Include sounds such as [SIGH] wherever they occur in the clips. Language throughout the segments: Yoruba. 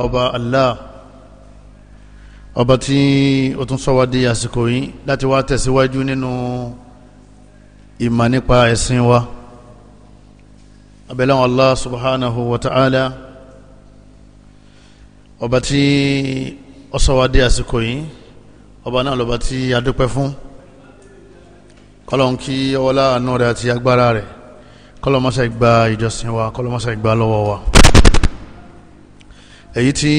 ọba Allah ọba tí ó tún sọ wá di àsìkò yìí láti wá tẹ̀síwájú nínú ìmọ̀ nípa ẹ̀sìn wa abẹ́lẹ́wọ̀n Allah subhanahu wa ta'ala ọba tí ó sọ wá di àsìkò yìí ọba náà lọ́ba tí a dúpẹ́ fún kọlọ́n kí ọwọ́lá àánú rẹ̀ àti agbára rẹ̀ kọlọ́mọ́sá gba ìjọsìn wa kọlọ́mọ́sá gba lọ́wọ́ wa èyí tí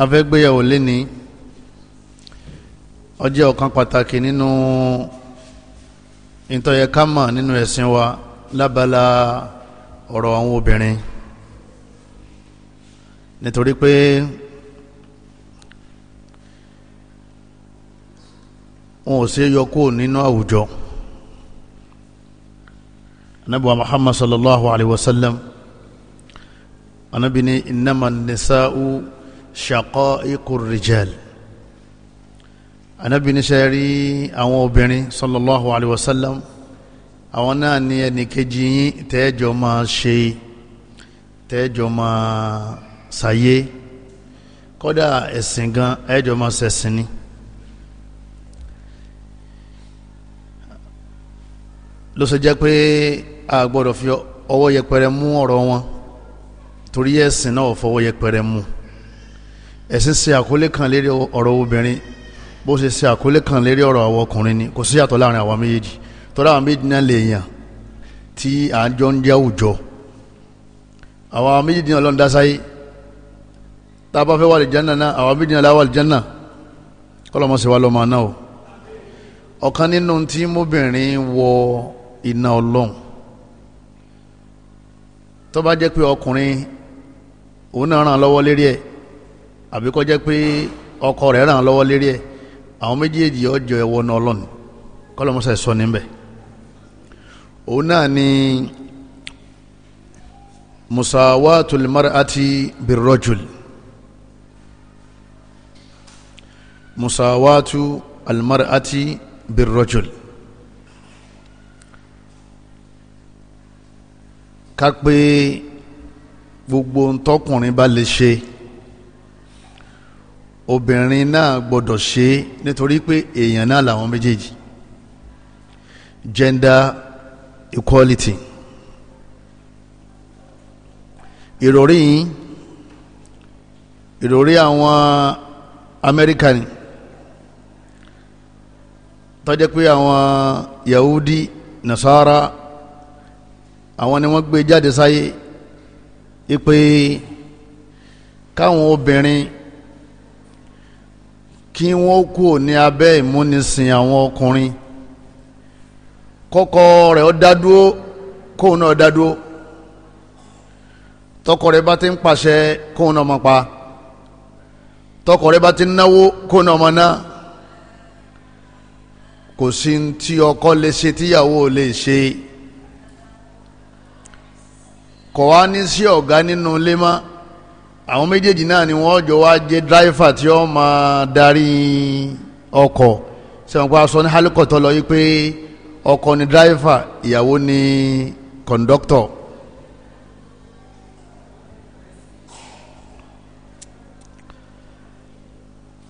a fẹ́ gbéyàwó léni ó jẹ́ ọ̀kan pàtàkì nínú ìtọ́yẹ kámà nínú ẹ̀sìn wa lábala ọ̀rọ̀ àwọn obìnrin nítorí pé wọn ò sí yọ nínú àwùjọ anábìwá Muhammad sallallahu alayhi wa sallam anabi ni innama nisa'u shaqa'iqur rijal anabi ni sẹ́rí àwọn obìnrin sallallahu alayhi wa sallam àwọn náà ni ẹnì kejì yín tẹ́ẹ̀jọ máa ṣe tẹ́ẹ̀jọ máa ṣàyé kódà ẹ̀sìn gan ẹ̀jọ máa ṣẹ̀sìn ni. ló sọ jẹ́ pé a gbọ́dọ̀ fi ọwọ́ yẹpẹrẹ mú ọ̀rọ̀ wọn torí ẹ̀sìn náà fọwọ́ yẹpẹrẹ mú ẹ̀sìn ṣe àkólé kan lérí ọ̀rọ̀ obìnrin bó ṣe ṣe àkólé kan lérí ọ̀rọ̀ àwọn ọkùnrin ni kò sí yàtọ̀ láàrin àwọn méjèèjì tọ́lá àwọn méjèèjì náà lè yàn tí àjọ ń jẹ́ àwùjọ àwọn méjèèjì náà lọ́n dásáyé tá a bá fẹ́ wà lè jẹ́nà náà àwọn méjèèjì náà láwà lè jẹ́nà kọ́lọ́mọ́ ṣe wá lọ́mọ náà o ọ̀kan nínú tí mọ́bìnrin wọ iná ọlọ́run tó bá jẹ́ pé ọkùnrin òun náà ràn lọ́wọ́ lérí ẹ̀ àbí kó jẹ́ pé ọkọ rẹ̀ ràn lọ́wọ́ lérí ẹ̀ àwọn méjèèjì ọjọ́ ẹ̀wọ́ náà lọ́nù kọ́lọ́mọsẹ̀ sọ níbẹ̀ òun náà ni musawatul mar'ati birrajul musawatu almar'ati birrajul ká pé gbogbo ntọ́kùnrin bá lè ṣe obìnrin náà gbọ́dọ̀ ṣe nítorí pé èèyàn náà làwọn méjèèjì gender equality ìròrí yìí ìròrí àwọn amẹ́ríkà ni tó jẹ́ pé àwọn yahudi nasara àwọn ni wọ́n gbé jáde sáyé ipe káwọn obìnrin kí wọ́n kú ní abẹ́ ìmúnisìn àwọn ọkùnrin kọ́kọ́ rẹ̀ ó dádúró kóun náà dádúró tọkọ rẹ̀ bá ti ń pàṣẹ kóun náà máa pa tọkọ rẹ̀ bá ti ń náwó kóun náà máa ná kò sí tí ọkọ lè ṣe tíyàwó lè ṣe kọ̀ wá ní sí ọ̀gá nínú ilé mọ́ àwọn méjèèjì náà ni wọ́n jọ wá jẹ́ dráìfà tí ó máa darí ọkọ̀ sẹ́wọ̀n pa aṣọ ní hálíkọ̀ tó lọ yí pé ọkọ̀ ni dráìfà ìyàwó ni kọ̀ǹdọ́kítọ̀.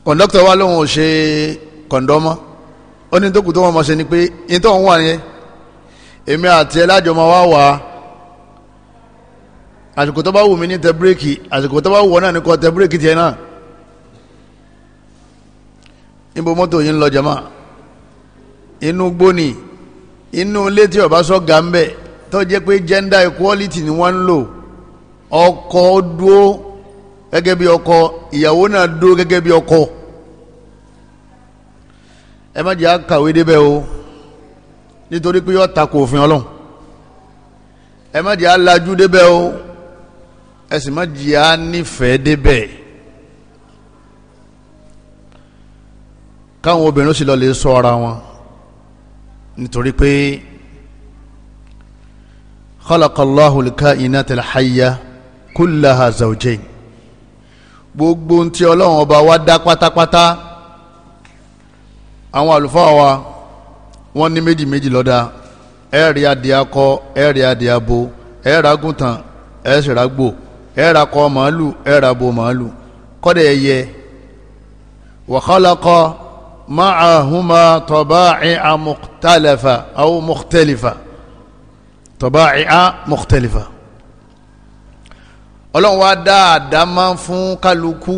kọ̀ǹdọ́kítọ̀ wa lóun ò ṣe kọ̀ǹdọ́mọ́ ó ní tó kù tó wọ́n mọ̀ ṣe ni pé ní tó wà yẹn èmi àti ẹ lájọ wá wàá àsìkò tó bá wù mí ní tẹ bírèkì àsìkò tó bá wù ọ náà ní kọ tẹ bírèkì tiẹ̀ náà níbo mọ́tò yìí ń lọ jama inú gbóni inú ilé tí ọba sọ gà ń bẹ tó jẹ́ pé gender equality ni wọn ń lò ọkọ dúó gẹ́gẹ́ bí ọkọ ìyàwó náà dúó gẹ́gẹ́ bí ọkọ ẹ má jẹ́ àkàwé o nítorí pé yọ ta kò òfin ọlọ́run ẹ má o. ẹ sì má jìyà nífẹ̀ẹ́ débẹ̀ káwọn obìnrin ó sì lọ lè sọ ara wọn nítorí pé khalaqallahu al-kainata al-hayya kullaha zawjayn gbogbo ohun tí ọlọ́run ọba wa dá pátápátá àwọn àlùfáà wa wọ́n ní méjì méjì lọ́dà ẹ̀ẹ́rì adìẹ akọ ẹ̀ẹ́rì adìẹ abo ẹ̀ẹ́rì agùntàn ẹ̀ẹ́sì ràgbò ẹ ra kọ màálù ẹ ra bo màálù kọ́dà ẹyẹ wa khalaqa ma'ahuma taba'i'a mukhtalafa aw mukhtalifa taba'i'a mukhtalifa. ọlọ́run wá dá àdámá fún kálukú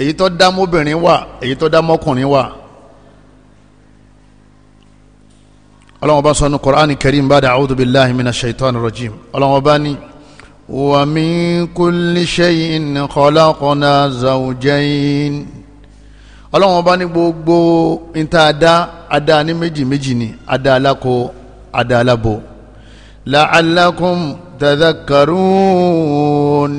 èyí tó dá mọ́bìnrin wà èyí tó dá mọ́kùnrin wà. ọlọ́run bá sọ ní Qur'an Karim ba'da a'udhu billahi minash shaitani rajim ọlọ́run bá ní. ومن كل شيء خلقنا زوجين ọlọ́run ọba ní gbogbo níta àdá àdá ní méjì méjì ni àdá aláko àdá alábo la'allakum tadhakkarun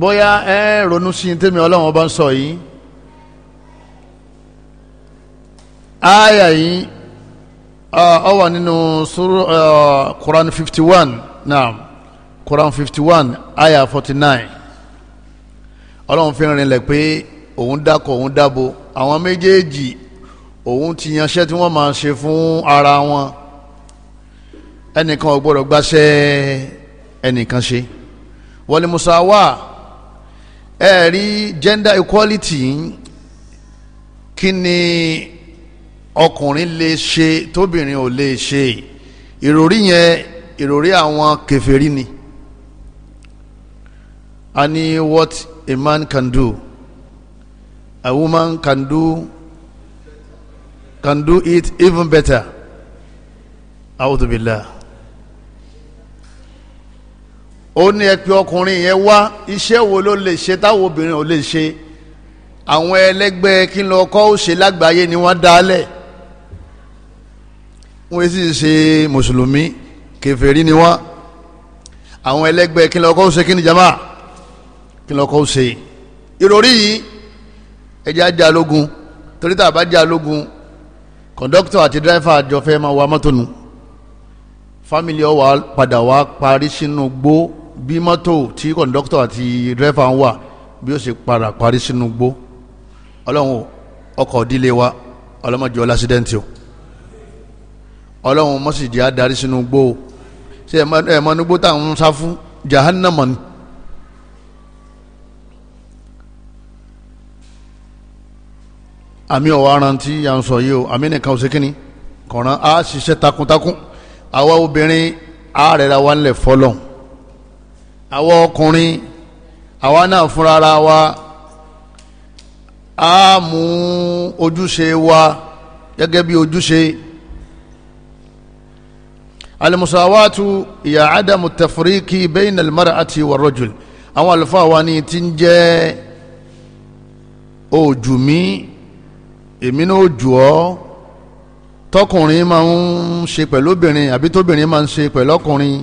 bóyá ẹ ronú sí tèmi ọlọ́run ọba ń sọ yìí ááyà yìí ọ ah, wà nínú suru ah, Quran fifty one naam Quran fifty one ayah forty nine ọlọ́run fi rìn lẹ̀ pé òun dákọ̀ òun dábo àwọn méjèèjì òun ti yanṣẹ́ tí wọ́n máa ṣe fún ara wọn ẹnìkan ò gbọ́dọ̀ gbàṣẹ́ ẹnìkan ṣe wọlé musawa ẹ rí gender equality kí ni ọkùnrin lè ṣe tóbìnrin ò lè ṣe ìròrí yẹn ìròrí àwọn kèfèrí ni a ní what a man can do a woman can do can do it even better audubillah ó ní ẹ pé ọkùnrin yẹn wá iṣẹ́ wo ló lè ṣe táwọn obìnrin ò lè ṣe àwọn ẹlẹgbẹ́ kí n lọ kọ́ ó ṣe lágbàáyé ni wọ́n dálẹ̀ wọ́n sì ṣe mùsùlùmí kèfèrí ni wọ́n àwọn ẹlẹ́gbẹ́ kí lọ́kọ́ ṣe kí ni jama kí lọ́kọ́ ṣe ìròrí yìí ẹjẹ́ ajá lógun torí tá a bá já lógun kọ̀ńdọ́kítọ̀ àti dírẹ́fà àjọ fẹ́ máa wa mọ́tò nù fámìlì ọ̀ wá padà wá parí sínú gbó bí mọ́tò tí kọ̀ńdọ́kítọ̀ àti dírẹ́fà ń wà bí ó ṣe padà parí sínú gbó ọlọ́run ọkọ̀ ìdílé wa ọlọ́mọdé ọlá o ọlọ́run mọ́sídìí adarí sínú gbó ṣe ẹ̀ mọ́ nígbó tá à ń sá fún jahannama ni. àmì ọ̀wọ́ aran tí a ń sọ yìí o àmì nìkan ò sí kínní kọ̀ọ̀ràn á ṣiṣẹ́ takuntakun àwa obìnrin á rẹ̀ra wa ńlẹ̀ fọlọ́n àwa ọkùnrin àwa náà fúnra ara wa á mú ojúṣe wa gẹ́gẹ́ bí ojúṣe alimusawatu ìyá adamu tafuriki bẹ́yìn alimara àti warrajul àwọn àlùfáà wa ni ti ń jẹ́ ojú mi èmi náà jù ọ́ tọkùnrin máa ń ṣe pẹ̀lú obìnrin àbí tóbìnrin máa ń ṣe pẹ̀lú ọkùnrin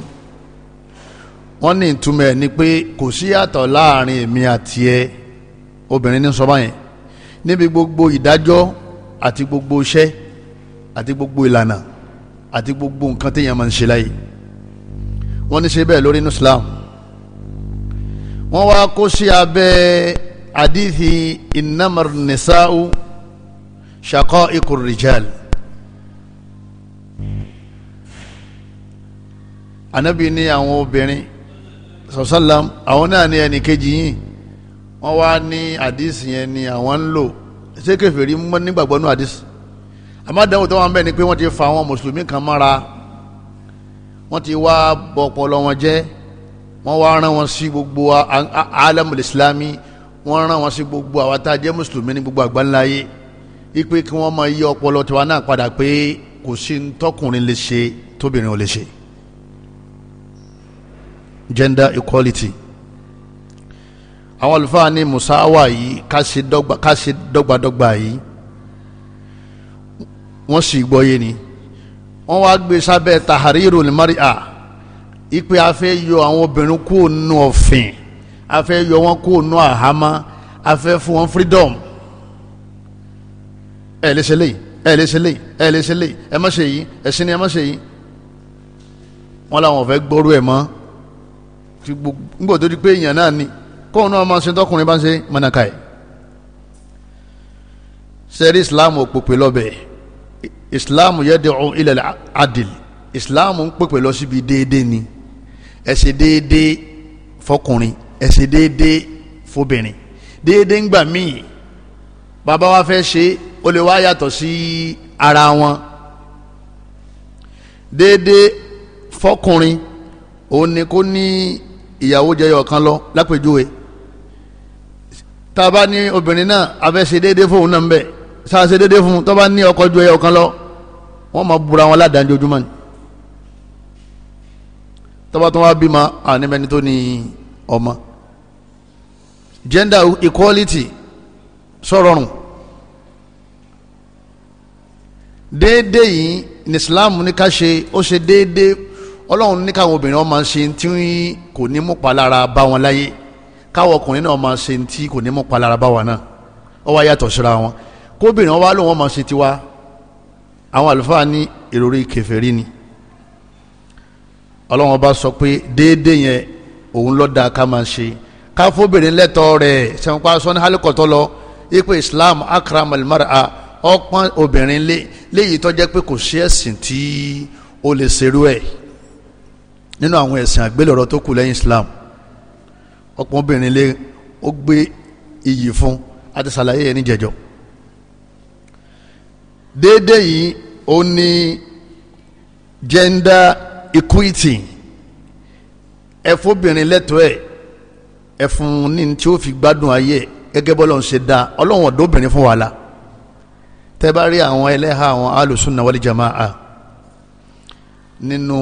wọ́n ní ìtumọ̀ ẹ̀ ni pé kò sí yàtọ̀ láàrin èmi àti ẹ obìnrin ní sọ́mọ́ yẹn níbi gbogbo ìdájọ́ àti gbogbo iṣẹ́ àti gbogbo ìlànà àti gbogbo nǹkan téèyàn máa ń ṣe láyé wọ́n ní ṣe bẹ́ẹ̀ lórí inú Islam wọ́n wá kó sí abẹ́ àdìsí innamar nisa'u shaqa'iqur rijal anabi ní àwọn obìnrin sọ̀sálàm àwọn náà ní ẹnì kejì yìí wọ́n wá ní àdìsí yẹn ni àwọn ń lò ṣé kèfèrí mọ́ nígbàgbọ́ àdìsí àmọ́dánwò tó wà ń bẹ̀ ni pé wọ́n ti fa àwọn mùsùlùmí kan mọ́ra wọ́n ti wá bọ ọpọlọ wọn jẹ́ wọ́n wá rán wọn sí gbogbo alamul islami wọ́n rán wọn sí gbogbo àwa tá a jẹ́ mùsùlùmí ní gbogbo àgbáńláyé ipe kí wọ́n máa yí ọpọlọ tiwa náà padà pé kò sí ntọ́kùnrin lè ṣe tóbìnrin ò lè ṣe gender equality àwọn àlùfáà ní musawa yìí ká ṣe dọ́gba yìí wọ́n sì gbọ́yé ni wọ́n wá gbé sábẹ́ tahariru maria ipe a fẹ́ yọ àwọn obìnrin kúrò nínú ọ̀fìn a fẹ́ yọ wọn kúrò nínú àhámọ́ a fẹ́ fún wọn freedom ẹ lè ṣe léyìí ẹ lè ṣe léyìí ẹ lè ṣe léyìí ẹ má ṣe yìí ẹ̀sìn ni ẹ má ṣe yìí wọ́n làwọn fẹ́ gbọ́rú ẹ̀ mọ́ nígbà tó di pé èèyàn náà ni kóun náà máa ṣe tọkùnrin bá ń ṣe mọ̀nàkà ẹ̀ sẹ́rí islam ò pòpè lọ́bẹ̀ẹ́ islam yad'u ila adil islam ń pèpè lọ síbi déédéé ni ẹ ṣe déédéé fọkùnrin ẹ ṣe déédéé fobìnrin déédéé ń gbà míì bàbá wa fẹ́ ṣe ó lè wá yàtọ̀ sí ara wọn déédéé fọkùnrin òun ni kò ní ìyàwó jẹyọ kan lọ lápèjúwe tá a bá ní obìnrin náà a fẹ́ ṣe déédéé fóun náà ń bẹ̀ sáà ṣe déédéé fún un tó bá ní ọkọ ju ẹyọ kan lọ wọ́n máa búra wọn ládàá ojoojúmọ́ ni tọ́ba tó bímọ àníbẹ̀ni tó ní ọmọ gender equality sọ̀rọ̀rùn déédé yìí ní Islam ní ká ṣe ó ṣe déédé ọlọ́run ní káwọn obìnrin wọn máa ṣe tí kò ní mú palára bá wọn láyé káwọn ọkùnrin náà máa ṣe tí kò ní mú palára bá wọn náà ó yàtọ̀ síra wọn kóbìnrin wọn lóun wọn ṣe tiwa àwọn àlùfáà ní ìròrí kèfèrí ni ọlọ́wọ́n bá sọ pé déédéé yẹn òun lọ́dà ká máa ṣe káfóbìnrin lẹ́tọ̀ọ́ rẹ̀ sẹ́wọ́npá sọ́ni hálíkọ̀tọ́ lọ ipe Islam akram almar'a ọpọ́n obìnrin lé léyìí tó jẹ́ pé kò sí ẹ̀sìn tí ó lè ṣerú ẹ̀ nínú àwọn ẹ̀sìn àgbélọ̀rọ̀ tó kù lẹ́yìn Islam ọpọ́n obìnrin lé ó gbé iyì fún àti sàlàyé ẹ̀ níjẹ̀jọ́ déédéé yìí ó ní gender equity ẹ fóbìnrin lẹ́tọ̀ọ́ ẹ̀ ẹ fún ní tí ó fi gbádùn ayé ẹ̀ gẹ́gẹ́ bọ́lọ́n ṣe dá ọlọ́wọ̀n ọ̀dọ́bìnrin fún wàhálà tẹ́ bá rí àwọn ẹlẹ́hà àwọn alùsùnà wal jamaa nínú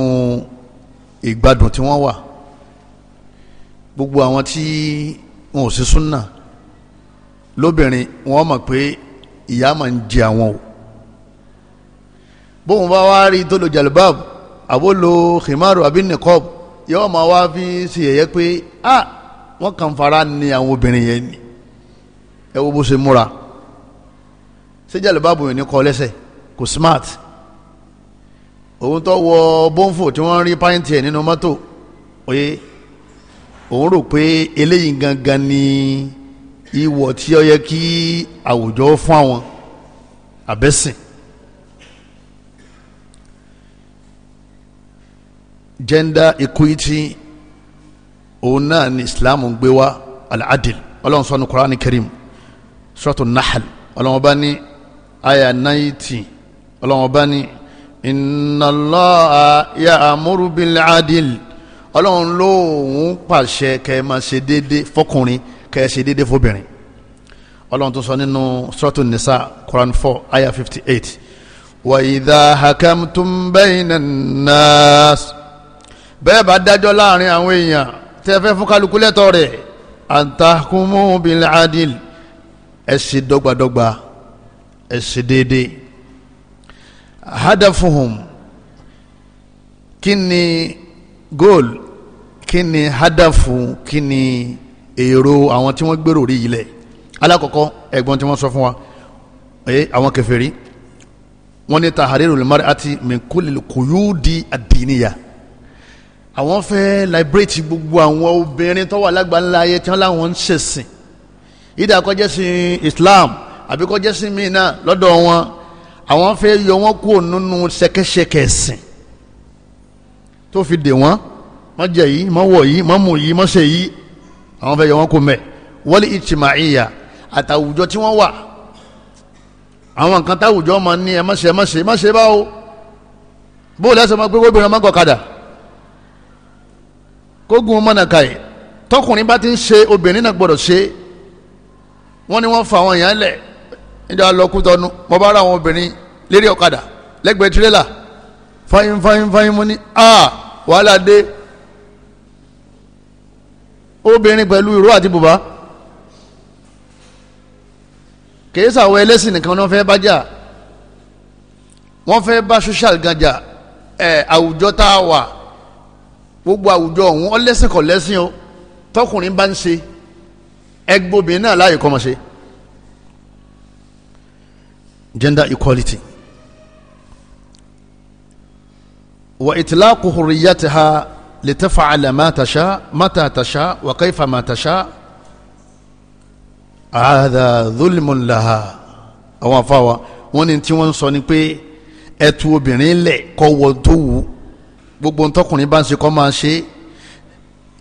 ìgbádùn tí wọ́n wà gbogbo àwọn tí wọn ò sí súnà lóbìnrin wọ́n mọ̀ pé ìyá máa ń jẹ àwọn o bóun bá wá rí tó lo jalibab àbó lo khimaru àbí nìkọ́b yóò máa wá fi ṣe yẹ̀yẹ́ pé a ah, wọ́n kàn fara ni àwọn obìnrin yẹn ni ẹ wo bó ṣe múra ṣé jalibab yẹn ní kọ́ lẹ́sẹ̀ kò smart òun tó wọ bọ́ǹfò tí wọ́n rí pàǹtì ẹ̀ nínú mọ́tò oye òun rò pé eléyìí gangan ni ìwọ̀ tí ó yẹ kí àwùjọ fún àwọn àbẹ́sìn gender equity òun náà ni islam gbé wá al-adil ọlọ́run sọ́nu Qur'an Karim suratu Nahl ọlọ́run bá ní aya náìtì ọlọ́run bá ní inna Allaha ya'muru bil-adil ọlọ́run lóòun pàṣẹ kẹ́ ẹ máa ṣe déédé fọkùnrin kẹ́ ẹ ṣe déédé fọbìnrin ọlọ́run tó sọ nínú suratu Nisa Qur'an four aya fifty eight wa hakamtum bayna an bẹ́ẹ̀ bá dájọ́ láàrin àwọn èèyàn tẹ́ fẹ́ fún kálukú lẹ́tọ̀ rẹ̀ antakumu bil adil ẹ dọ́gbadọ́gba ẹ ṣe hadafuhum kí goal kí ni hadafu kí ni èrò àwọn tí wọ́n gbèrò rí ilẹ̀ alákọ̀ọ́kọ́ ẹ̀gbọ́n tí wọ́n sọ fún wa ẹ̀ àwọn kèfèrí wọ́n ní tahariru limari ati min kulli kuyudi adiniya àwọn fẹ́ liberate gbogbo àwọn obìnrin tó wà lágbàńlá ayé tí wọ́n láwọn ń ṣẹ̀sìn ìdá kọjá sí Islam àbí kọjá sí mina lọ́dọ̀ wọn àwọn fẹ́ yọ wọn kúrò nínú ṣẹkẹṣẹkẹ ẹ̀sìn tó fi dè wọ́n má jẹ yìí má wọ̀ yìí má mú yìí má ṣe yìí àwọn fẹ́ yọ wọn kó mẹ́ wọ́lé ìtìmáìyà àtàwùjọ tí wọ́n wà àwọn nǹkan táwùjọ máa ní ẹ má ṣe ẹ má ṣe má ṣe báwo bóòlù ẹsẹ̀ máa gbé gbóbìnrin ọmọ kógun mọ́nàkà yìí tọkùnrin bá ti ń ṣe obìnrin náà gbọ́dọ̀ ṣe wọ́n ní wọ́n fa àwọn èèyàn lẹ̀ níjà lọ́kùtọ́nu mo bá ra àwọn obìnrin lérí ọ̀kadà lẹ́gbẹ̀ẹ́ tirẹ́là fáyín fáyín fáyín mo ní a wàhálà dé obìnrin pẹ̀lú ìró àti bùbá kìí sàwọn ẹlẹ́sìn nìkan náà fẹ́ bá jà wọ́n fẹ́ bá social gan jà ẹ̀ àwùjọ tá a wà gbogbo àwùjọ ọ̀hún ọlẹ́sìn kọ̀ lẹ́sìn o tọkùnrin bá ń ṣe ẹgbóbìnrin náà láàyè kọ́ mọ̀ ṣe gender equality wa itilaaku hurriyatiha litafacala ma tasha mata tasha wa kaifa ma tasha àádá zulmun laha àwọn afáwa wọ́n ní tí wọ́n sọ ni pé ẹ̀tù obìnrin lẹ̀ kọ́wọ́ tó wù gbogbo ntọ́kùnrin bá ń ṣe kọ́ máa ṣe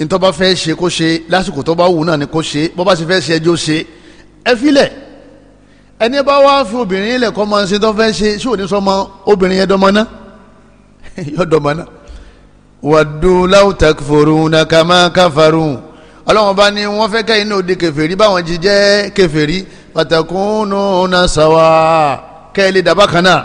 ntọ́ bá fẹ́ ṣe kó ṣe lásìkò tó bá wù náà ni kó ṣe bó bá ṣe fẹ́ ṣe ẹjọ́ ṣe ẹ filẹ̀ ẹni bá wá fi obìnrin ilẹ̀ kọ́ máa ṣe tó fẹ́ ṣe ṣé òní sọmọ obìnrin yẹn dọ́mọ náà [LAUGHS] yọ dọ́mọ náà. wàdú láwùtà fòrùn nàkàmá káfàrùn ọlọ́run bá ní wọ́n fẹ́ kẹ́yìn náà di kẹfẹ́rí báwọn ti jẹ́ kẹfẹ́rí pàtàkùn náà sáwà kẹ́ ẹ lè dàbá kan náà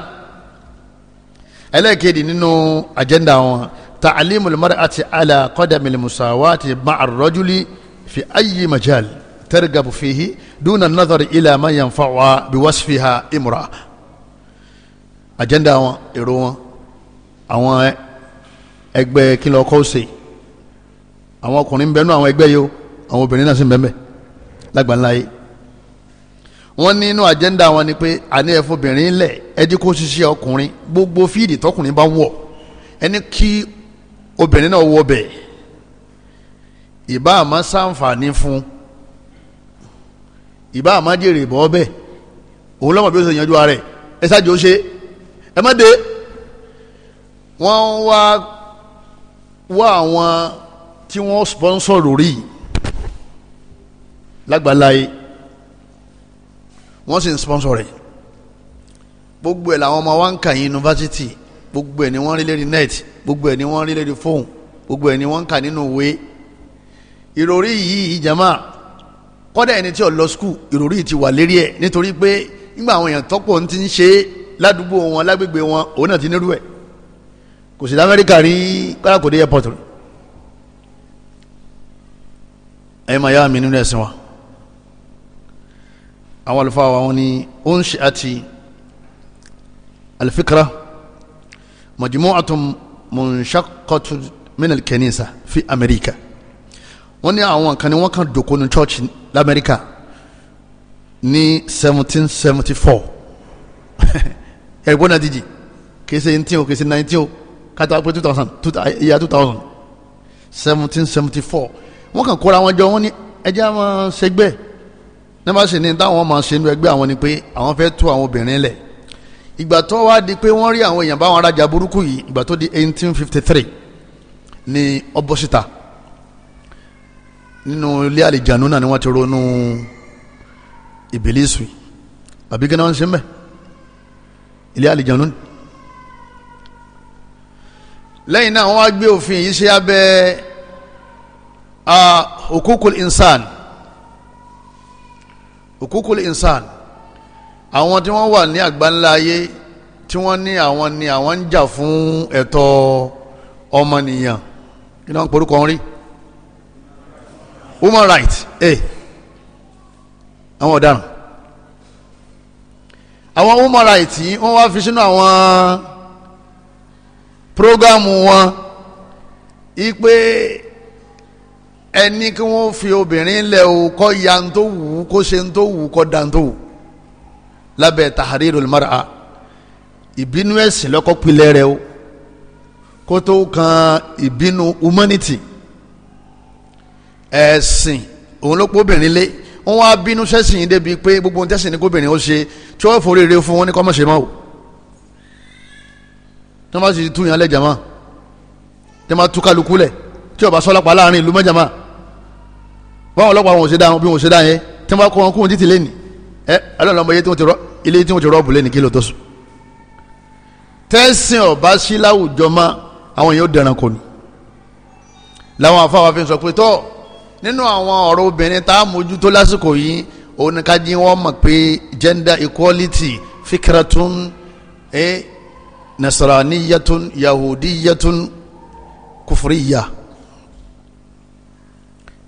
ẹlẹ́ẹ̀kejì nínú agenda wọn ta'alimul mar'ati ala qadamil musawati ma'ar rajuli fi ayyi majal targabu fihi duna nazar ila man yanfa'uha bi wasfiha imra agenda wọn èrò wọn àwọn ẹgbẹ́ kílọ̀ kọ́ọ̀sì àwọn ọkùnrin ń bẹ nú àwọn ẹgbẹ́ yìí àwọn obìnrin náà sì ń bẹ ń wọ́n ní inú àjẹ́ndà wọn ni pé àní ẹ̀fọ́bìnrin lẹ̀ ẹdí kó ṣiṣẹ́ ọkùnrin gbogbo fíìdì tọkùnrin bá wọ̀ ẹni kí obìnrin náà wọ bẹ̀ ìbá àmọ́ ṣàǹfààní fún ìbá àmọ́ jèrè bọ́ bẹ̀ òun lọ́mọ bí ó ṣe yanjú ara ẹ̀ ẹ ṣáàjò ṣe ẹ má dé wọ́n wá wá àwọn tí wọ́n sponsor lórí lágbàláyé wọ́n sì ń sponsor rẹ̀ gbogbo ẹ̀ làwọn ọmọ wa ń kà yunifásitì gbogbo ẹ̀ ni wọ́n rí lérí net gbogbo ẹ̀ ni wọ́n rí lérí fóun gbogbo ẹ̀ ni wọ́n ń kà nínú ìwé ìròrí yìí ìjàmá kọ́dà ẹni tí ò lọ skul ìròrí yìí ti wà lérí ẹ̀ nítorí pé nígbà àwọn èèyàn tọ́pọ̀ ń ti ń ṣe é ládùúgbò wọn lágbègbè wọn òun náà ti nírú ẹ̀ kò sí lamẹ́ríkà rí kọ́dà kò dé airport rẹ̀ ẹ̀yin máa yá mi nínú ẹ̀sìn wa àwọn àlùfáà wa wọn ni unshi'ati alfikra majmu'atun munshaqqatun min alkanisa fi amẹ́ríkà wọ́n ní àwọn kan ní wọ́n kan dòkó ní church lamẹ́ríkà ní seventeen seventy four [LAUGHS] ẹ̀gbọ́n náà díjì kìí ṣe eighteen o kìí ṣe nineteen o kátó apẹ́ two thousand ìyá two thousand seventeen seventy four wọ́n kàn kóra wọn jọ wọ́n ní ẹjẹ́ àwọn ṣẹgbẹ́ ní bá sì ní táwọn máa ṣe inú ẹgbẹ́ àwọn ni pé àwọn fẹ́ tú àwọn obìnrin lẹ̀ ìgbà tó wá di pé wọ́n rí àwọn èèyàn báwọn arajà burúkú yìí ìgbà tó di eighteen ní ọbọ̀síta nínú ilé àlìjánu náà ni wọ́n ti ronú ìbílísù àbí kí ni wọ́n ń ṣe mẹ́ ilé àlìjánu ni lẹ́yìn náà wọ́n á gbé òfin yìí ṣe abẹ́ hukukul insan òkúkúlẹ̀ insan àwọn tí wọ́n wà ní àgbáńlá ayé tí wọ́n ní àwọn ní àwọn ń jà fún ẹ̀tọ́ ọmọnìyàn kí ni wọ́n porúkọ wọn rí human rights ẹ̀ eh. àwọn ọ̀daràn àwọn human rights yìí wọ́n wá fi sínú àwọn programu wọn ipe ẹni kí wọ́n fi obìnrin lẹ̀ o kọ́ ya ń tó wù ú kó ṣe ń tó wù ú kọ́ da ń tó wù lábẹ́ tahrirul mar'a ìbínú ẹ̀sìn lọ́kọ́ pilẹ̀ rẹ o kó tó kan ìbínú humanity ẹ̀sìn òun ló pọ̀ obìnrin lé wọ́n wá bínú sẹ́sìn yìí débi pé gbogbo ohun tẹ́sìn ní kóbìnrin ó ṣe tí wọ́n forí rere fún wọn ní kọ́mọ̀ṣe mọ́ o tí wọ́n bá sì tú yàn lẹ́jà mọ́ tí wọ́n bá tú kálukú lẹ̀ tí ọba sọlọpàá láàrin ìlú mọ́jàmá báwọn ọlọ́pàá wọn ò ṣe dá wọn bí wọn ò ṣe dá yẹn tí wọn bá kó wọn kó wọn títí lẹ́nu ẹ alọ́lọ́mọ iye tí wọn ti rọ ilé tí wọn ti rọ́ọ̀bù lẹ́nu kí ló tó sùn. tẹ́sán ọba sí láwùjọ ma àwọn yóò dẹran kò ní. làwọn afáwa fi sọ pé tọ́ nínú àwọn ọ̀rọ̀ obìnrin tá a mójútó lásìkò yìí òun ni ká jí wọn mọ̀ pé gender equality fikratun eh, nasraniyatun yahudiyatun kufuriya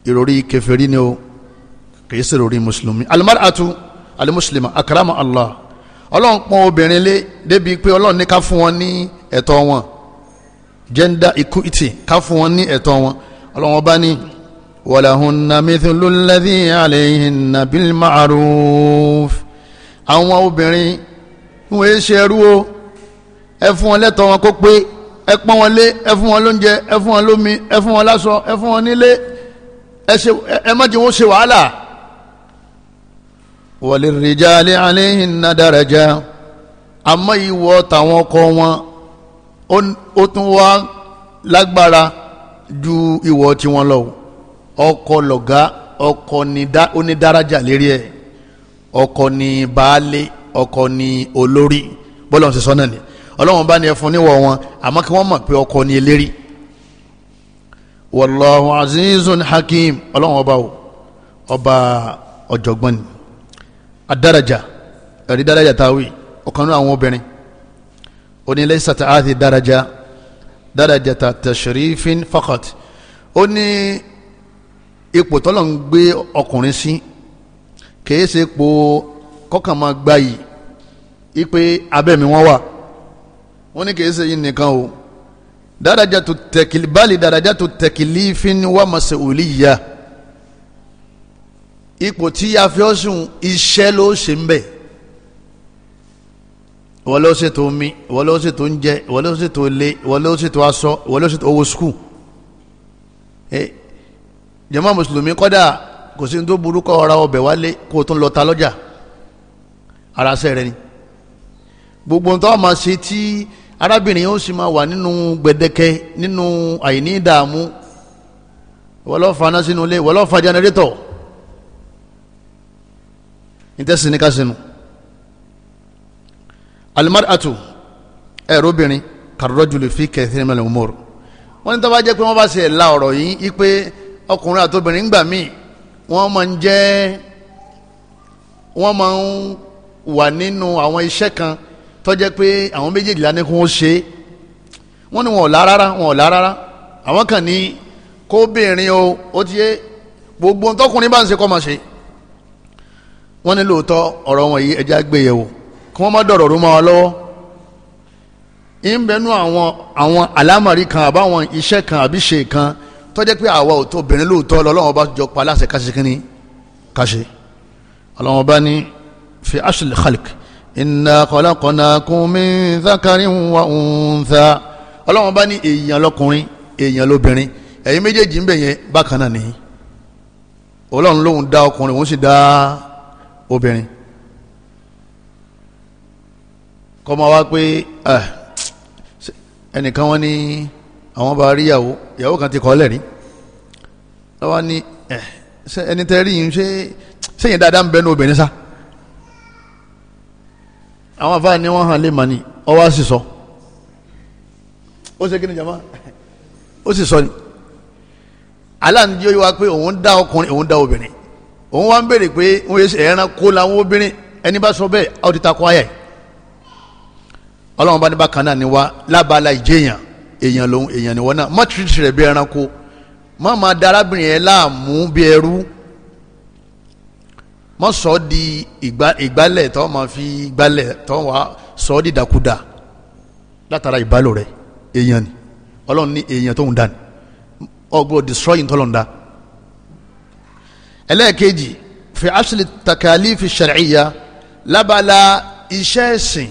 ìròrí kèfèrí ni o kìí sì ròrí mùsùlùmí alimaratu alimuslima akarama allah ọlọ́run pọ́n obìnrin lé débi pé ọlọ́run ní ká fún wọn ní ẹ̀tọ́ wọn gender equity ká fún wọn ní ẹ̀tọ́ wọn ọlọ́run bá ní walahunna mithlu alladhi alayhinna bil ma'ruf àwọn obìnrin wọn èé ṣe ẹrú o ẹ fún wọn lẹ́tọ̀ọ́ wọn kó pé ẹ pọ́n wọn lé ẹ fún wọn lóúnjẹ ẹ fún wọn lómi ẹ fún wọn láṣọ ẹ fún wọn nílé ẹ má jẹ́ wọ́n ṣe wàhálà. walirrijali alayhinna daraja àmọ́ ìwọ tàwọn ọkọ wọn ó tún wá lágbára ju ìwọ tiwọn lọ ọkọ lọ̀gá ọkọ ní daraja lérí ẹ̀ ọkọ ní baálé ọkọ ní olórí bọ́lá ọ̀sẹ̀ sọ́nà ni ọlọ́wọ́n bá ní ẹ fún níwọ̀ wọn àmọ́ kí wọ́n mọ̀ pé ọkọ ní eléri wallahu azizun hakim ọlọ́run ọba o ọba ọ̀jọ̀gbọ́n ni adaraja ẹ̀rí daraja táwí ọ̀kan náà àwọn obìnrin ó ní laysa ta'ati daraja daraja ta tasharifin faqat ó ní ipò tọ́lọ̀ ń gbé ọkùnrin sí kìí ṣe ipò kọ́kàn máa gbayì ipe mi wọ́n wà wọ́n ní kìí ṣe yìí nìkan o Daraja tu tẹkili bali darajatu tẹkilifin wa mas'uliyya ipò tí afiọ́sùn iṣẹ́ ló ṣe ń bẹ̀ wọ́n ló ṣètò omi wọ́n ló ṣètò oúnjẹ wọ́n ló ṣètò ilé wọ́n ló ṣètò aṣọ wọ́n ló ṣètò owó skul jàmá mùsùlùmí kọ́dà kò sí ní tó burú kọ́ ọ̀ra wálé kó o tún lọ ta lọ́jà ara ṣe rẹ ni gbogbo nǹkan ọmọ ṣe tí arábìnrin yóò sì máa wà nínú gbẹdẹkẹ nínú àìní ìdààmú wọlọ́fà náà sínú ilé wọlọ́fà jẹnẹrétọ̀ ìtẹ́sìn ní ká sínú alimaratu ẹ̀rọbìnrin kàrọ́jùlù fi kẹ̀sìn mẹ́lẹ̀ mọ́rọ̀ wọ́n ní tó pé wọ́n bá ṣe la ọ̀rọ̀ yìí yí pé ọkùnrin àtobìnrin gbà míì wọ́n máa ń jẹ́ wọ́n máa ń wà nínú àwọn iṣẹ́ kan tọ́jẹ́ pé àwọn méjèèjì la ní kó ṣe wọ́n ní wọn ò lá rárá wọn ò lá rárá àwọn kan ní kó bìnrin o ó ti yé gbogbo tọkùnrin bá ń ṣe kọ́ máa ṣe wọ́n ní lóòótọ́ ọ̀rọ̀ wọn yìí ẹja gbé yẹ̀wò kí wọ́n má dọ̀rọ̀ rú mọ́ ọ lọ́wọ́ ń bẹnu àwọn àwọn àlámọ̀rí kan àbáwọn iṣẹ́ kan àbí ṣe kan tọ́jẹ́ pé àwa ò tó obìnrin lóòótọ́ lọ́lọ́wọ́n bá jọ pa aláṣẹ káṣe kínní káṣe ọlọ́wọ́n bá ní fi aṣèlè khalik inna khalaqnakum min dhakarin wa untha ọlọ́run bá ní èèyàn lọ́kùnrin èèyàn lóbìnrin ẹ̀yin méjèèjì ń bẹ̀ yẹn bákan náà nìyí ọlọ́run lóun dá ọkùnrin òun sì dá obìnrin kọ́mọ wa pé ah, ẹnìkan wọn ní àwọn bá rí ìyàwó ìyàwó kan ti kọ́ lẹ́rìí lọ́wọ́ ní eh, ẹni tẹ́ rí àwọn afáà ni wọ́n hàn lè mà sisọ ọwọ́ sọ ó jama ó sì sọ ni aláǹdí ó wa pé òun dá ọkùnrin òun dá obìnrin òun wá ń béèrè pé òun yẹ ẹran kó obìnrin ẹni bá sọ bẹ́ẹ̀ ó ti ta kó ayà ọlọ́run bá ní náà ni lábala ìjẹyàn èèyàn lòun èèyàn ni mọ́ sọ di ìgbálẹ̀ tó máa fi gbálẹ̀ tó wà sọ di dàkúdà látara ìbálò rẹ̀ èèyàn ni ọlọ́run ní èèyàn tó ń dà ní ọgbọ́n destroying tọ́lọ́run dá ẹlẹ́ẹ̀kejì fi asli labala shar'iyya lábala iṣẹ́ ẹ̀sìn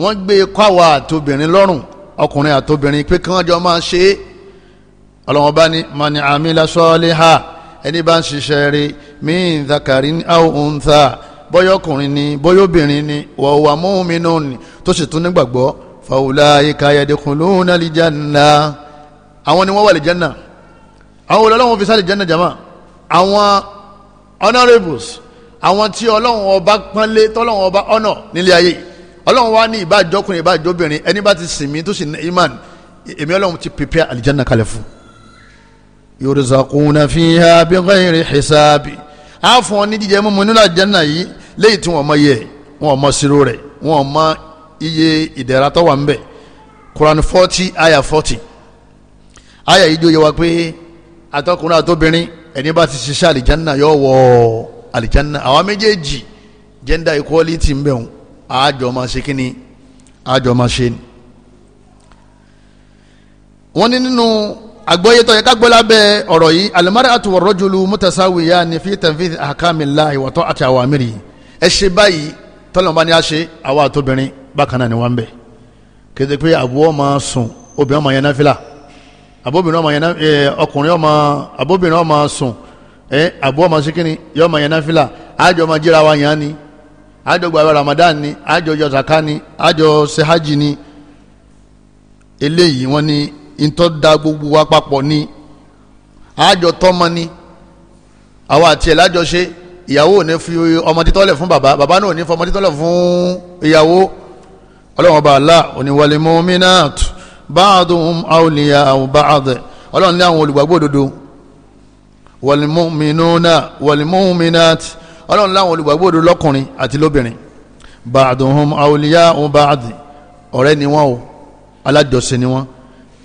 wọ́n gbé kọ́wà àtobìnrin lọ́rùn ọkùnrin àtobìnrin pé kí wọ́n jọ máa ṣe é ọlọ́wọ́n bá ní mani amila soliha ẹni bá ń ṣiṣẹ́ rí min dhakarin aw untha bọ́yọ̀kùnrin ni bọ́yọ̀bìnrin ni wa huwa mu'minun ni tó sì tún nígbàgbọ́ fa ulaika yadkhuluna al-janna àwọn ni wọ́n wà lè janna àwọn olólùwọ́n fi sáré janna jama àwọn honourables àwọn tí ọlọ́run ọba pọ́nlé tọ́lọ́run ọba ọ̀nà nílé ayé ọlọ́run wa ní ìbájọ́kùnrin ìbájọ́bìnrin ẹni bá ti sìn mí tó sì ní iman èmi ọlọ́run ti prepare àlìjáná kalẹ̀ fún. yorùsàkùnà fiha bighayri hisabi á fún ọ ní jíjẹ mímu nínú àjẹnà yìí lẹ́yìn tí wọ́n mọ yẹ wọ́n mọ sírò rẹ̀ wọ́n mọ iye ìdẹ̀ra tó wà ń bẹ̀ Quran forty aya forty aya yìí jó yẹ wa pé atọkùnrin àtobìnrin ẹni bá ti ṣiṣẹ́ àlìjánà yóò wọ àlìjánà àwọn méjèèjì gender equality ń bẹ̀ wọn àjọ máa ṣe kínní àjọ máa ṣe ni wọ́n ní nínú. No, àgbọ́yé tó yẹ ká gbọ́ lábẹ́ ọ̀rọ̀ yìí al-mar'atu war-rajulu mutasawiyani fi tanfidh ahkamillahi wa ta'ati awamirihi ẹ ṣe báyìí tọ́lọ́mọba ni a ṣe àwa àtobìnrin bákan náà ni wọ́n ń bẹ̀ kéde pé àbúrò máa sùn obìnrin ọmọ yẹn náà fìlà abóbìnrin ọmọ yẹn náà ọkùnrin ọmọ abóbìnrin ọmọ sùn àbúrò ọmọ síkínni yọ ọmọ yẹn náà fìlà àjọ ọmọ jíra wa yẹn ni àjọ gbàgbé Ramadan ni àjọ yọzaka ni àjọ sehaji ni eléyìí wọ́n ní ntọ́ da gbogbo wa papọ̀ ni àjọ tọ́mọ ni àwa àti ẹ̀ lájọṣe ìyàwó ò ní fi ọmọ títọ́lẹ̀ fún bàbá bàbá náà ò ní fi ọmọ títọ́lẹ̀ fún ìyàwó ọlọ́run ọba Allah oníwàlẹ̀ mu'minat ba'duhum awliya'u ba'd ọlọ́run ní àwọn olùgbàgbọ́ òdodo wal mu'minuna wal mu'minat ọlọ́run láwọn olùgbàgbọ́ òdodo lọ́kùnrin àti lóbìnrin ba'duhum awliya'u ba'd ọ̀rẹ́ ni wọ́n o alájọṣe ni wọ́n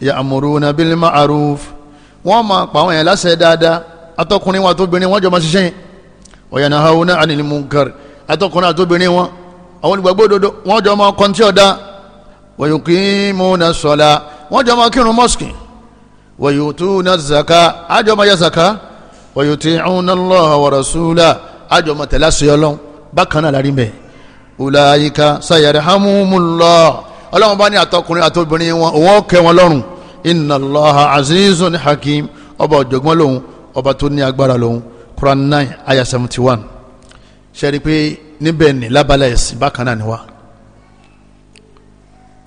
ya'muruna bil ma'ruf wọ́n máa pa àwọn yẹn láṣẹ dáadáa atọ́kùnrin wọn àtọ́bìnrin wọn jọ máa ṣiṣẹ́ yẹn wa yanahawna 'anil munkar atọ́kùnrin àtọ́bìnrin wọn àwọn olùgbàgbọ́ òdodo wọn jọ máa kọ́ntì ọ̀dá wa yuqimuna s-salah wọn jọ máa kírun mọ́sìkì wa yu'tuna z-zaka àjọ máa yẹ zaka wa yuti'una Allah wa rasulahu àjọ máa tẹ̀lé àṣẹ ọlọ́run bákan náà lárí bẹ́ẹ̀ ọlọ́run bá ní àtọkùnrin àtobìnrin wọn òun ó wọn lọ́rùn inna allah azizun hakim ọba ọ̀jọ̀gbọ́n lòun ọba tó ní agbára lòun quran nine aya seventy one ṣẹ́ni pé níbẹ̀ ní lábala ẹ̀sìn bákan náà ni wá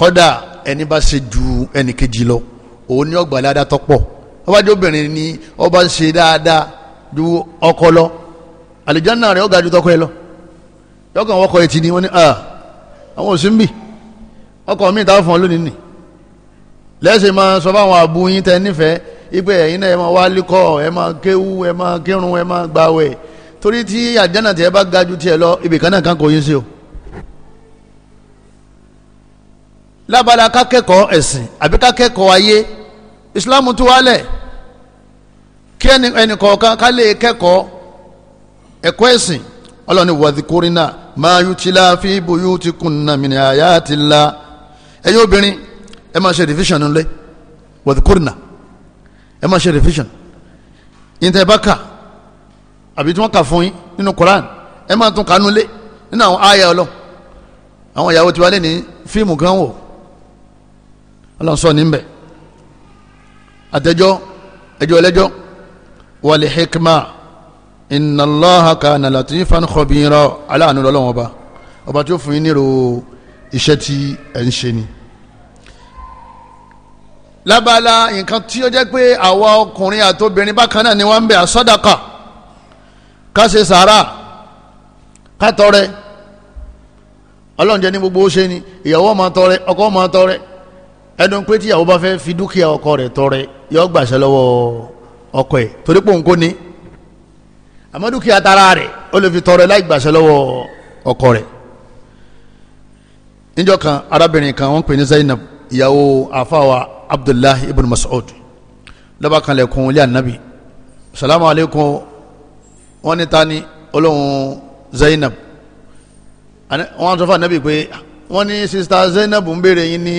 kọ́dà ẹni bá ṣe ju ẹnì kejì lọ òun ní ọgbà ládàá tọ́pọ̀ ọbàjọ́ obìnrin ni ọba ṣe dáadáa ju ọkọ lọ àlìjáná rẹ̀ ọ̀gá ju tọkọ ẹ lọ yọkàn ọkọ ẹ ti ni wọ́n ní ah, àwọn òsínbì ọkọ mi ta fún ọ lónìí nìyí lẹ́sìn máa sọ fáwọn àbú yín tẹ nífẹ̀ẹ́ ipe ẹ̀yin náà ẹ máa wálé kọ́ ẹ máa kéwú ẹ máa kírun ẹ máa gbàwẹ̀ torí tí àjánà tiẹ̀ bá ga ju tiẹ̀ lọ ibìkan náà kan kò yín sí o. lábala kákẹ́kọ̀ọ́ ẹ̀sìn àbí kákẹ́kọ̀ọ́ ayé ìsìláàmù tú wálẹ̀ kí ẹnìkọ̀ọ̀kan ká lè kẹ́kọ̀ọ́ ẹ̀kọ́ ẹ̀sìn ọlọ́ni wàdìkórínà máa yutila fi buyutikunna min la, ẹ̀yin obìnrin ẹ máa ṣe revision nílé wọ̀dìkúrìnà ẹ máa ṣe revision yìntẹ́ bá kà àbí tí wọ́n kà fún yín nínú Quran ẹ máa tún kà nílé nínú àwọn àyà ọlọ àwọn ìyàwó tiwa lé ní fíìmù gan wò ọlọ́sọ níbẹ̀ àtẹjọ́ ẹjọ́ ẹlẹ́jọ́ wal hikma inna Allaha kana latifan khabira aláàánú lọ́lọ́wọ́n ọba ọba tí ó fún yín nírò iṣẹ́ tí ẹ̀ ń ṣe ni lábala nǹkan tí ó jẹ́ pé àwa ọkùnrin àtobìnrin bákan náà ni wọ́n ń bẹ àsọdàkà ká ṣe sàárà ká tọrẹ Ọlọ́run jẹ́ ní gbogbo ó ṣe ni ìyàwó máa tọrẹ ọkọ máa tọrẹ ẹdun pé tíyàwó bá fẹ́ fi dúkìá ọkọ rẹ̀ tọrẹ yọ gbàṣẹ lọ́wọ́ ọkọ ẹ̀ torí pòun kò ní àmọ́ dúkìá tara rẹ̀ ó lè fi tọrẹ láì gbàṣẹ lọ́wọ́ ọkọ rẹ̀ níjọ́ kan arábìnrin kan wọ́n pè ní Zainab ìyàwó àfáwa abdullahi ibn mas'ud lọ́ba kan lẹ́kùn ilé anabi salamu aleykum wọ́n ní tani olóhùn zainab wọ́n sọ fún anabi pé wọ́n ní sista zainab ń béèrè yín ní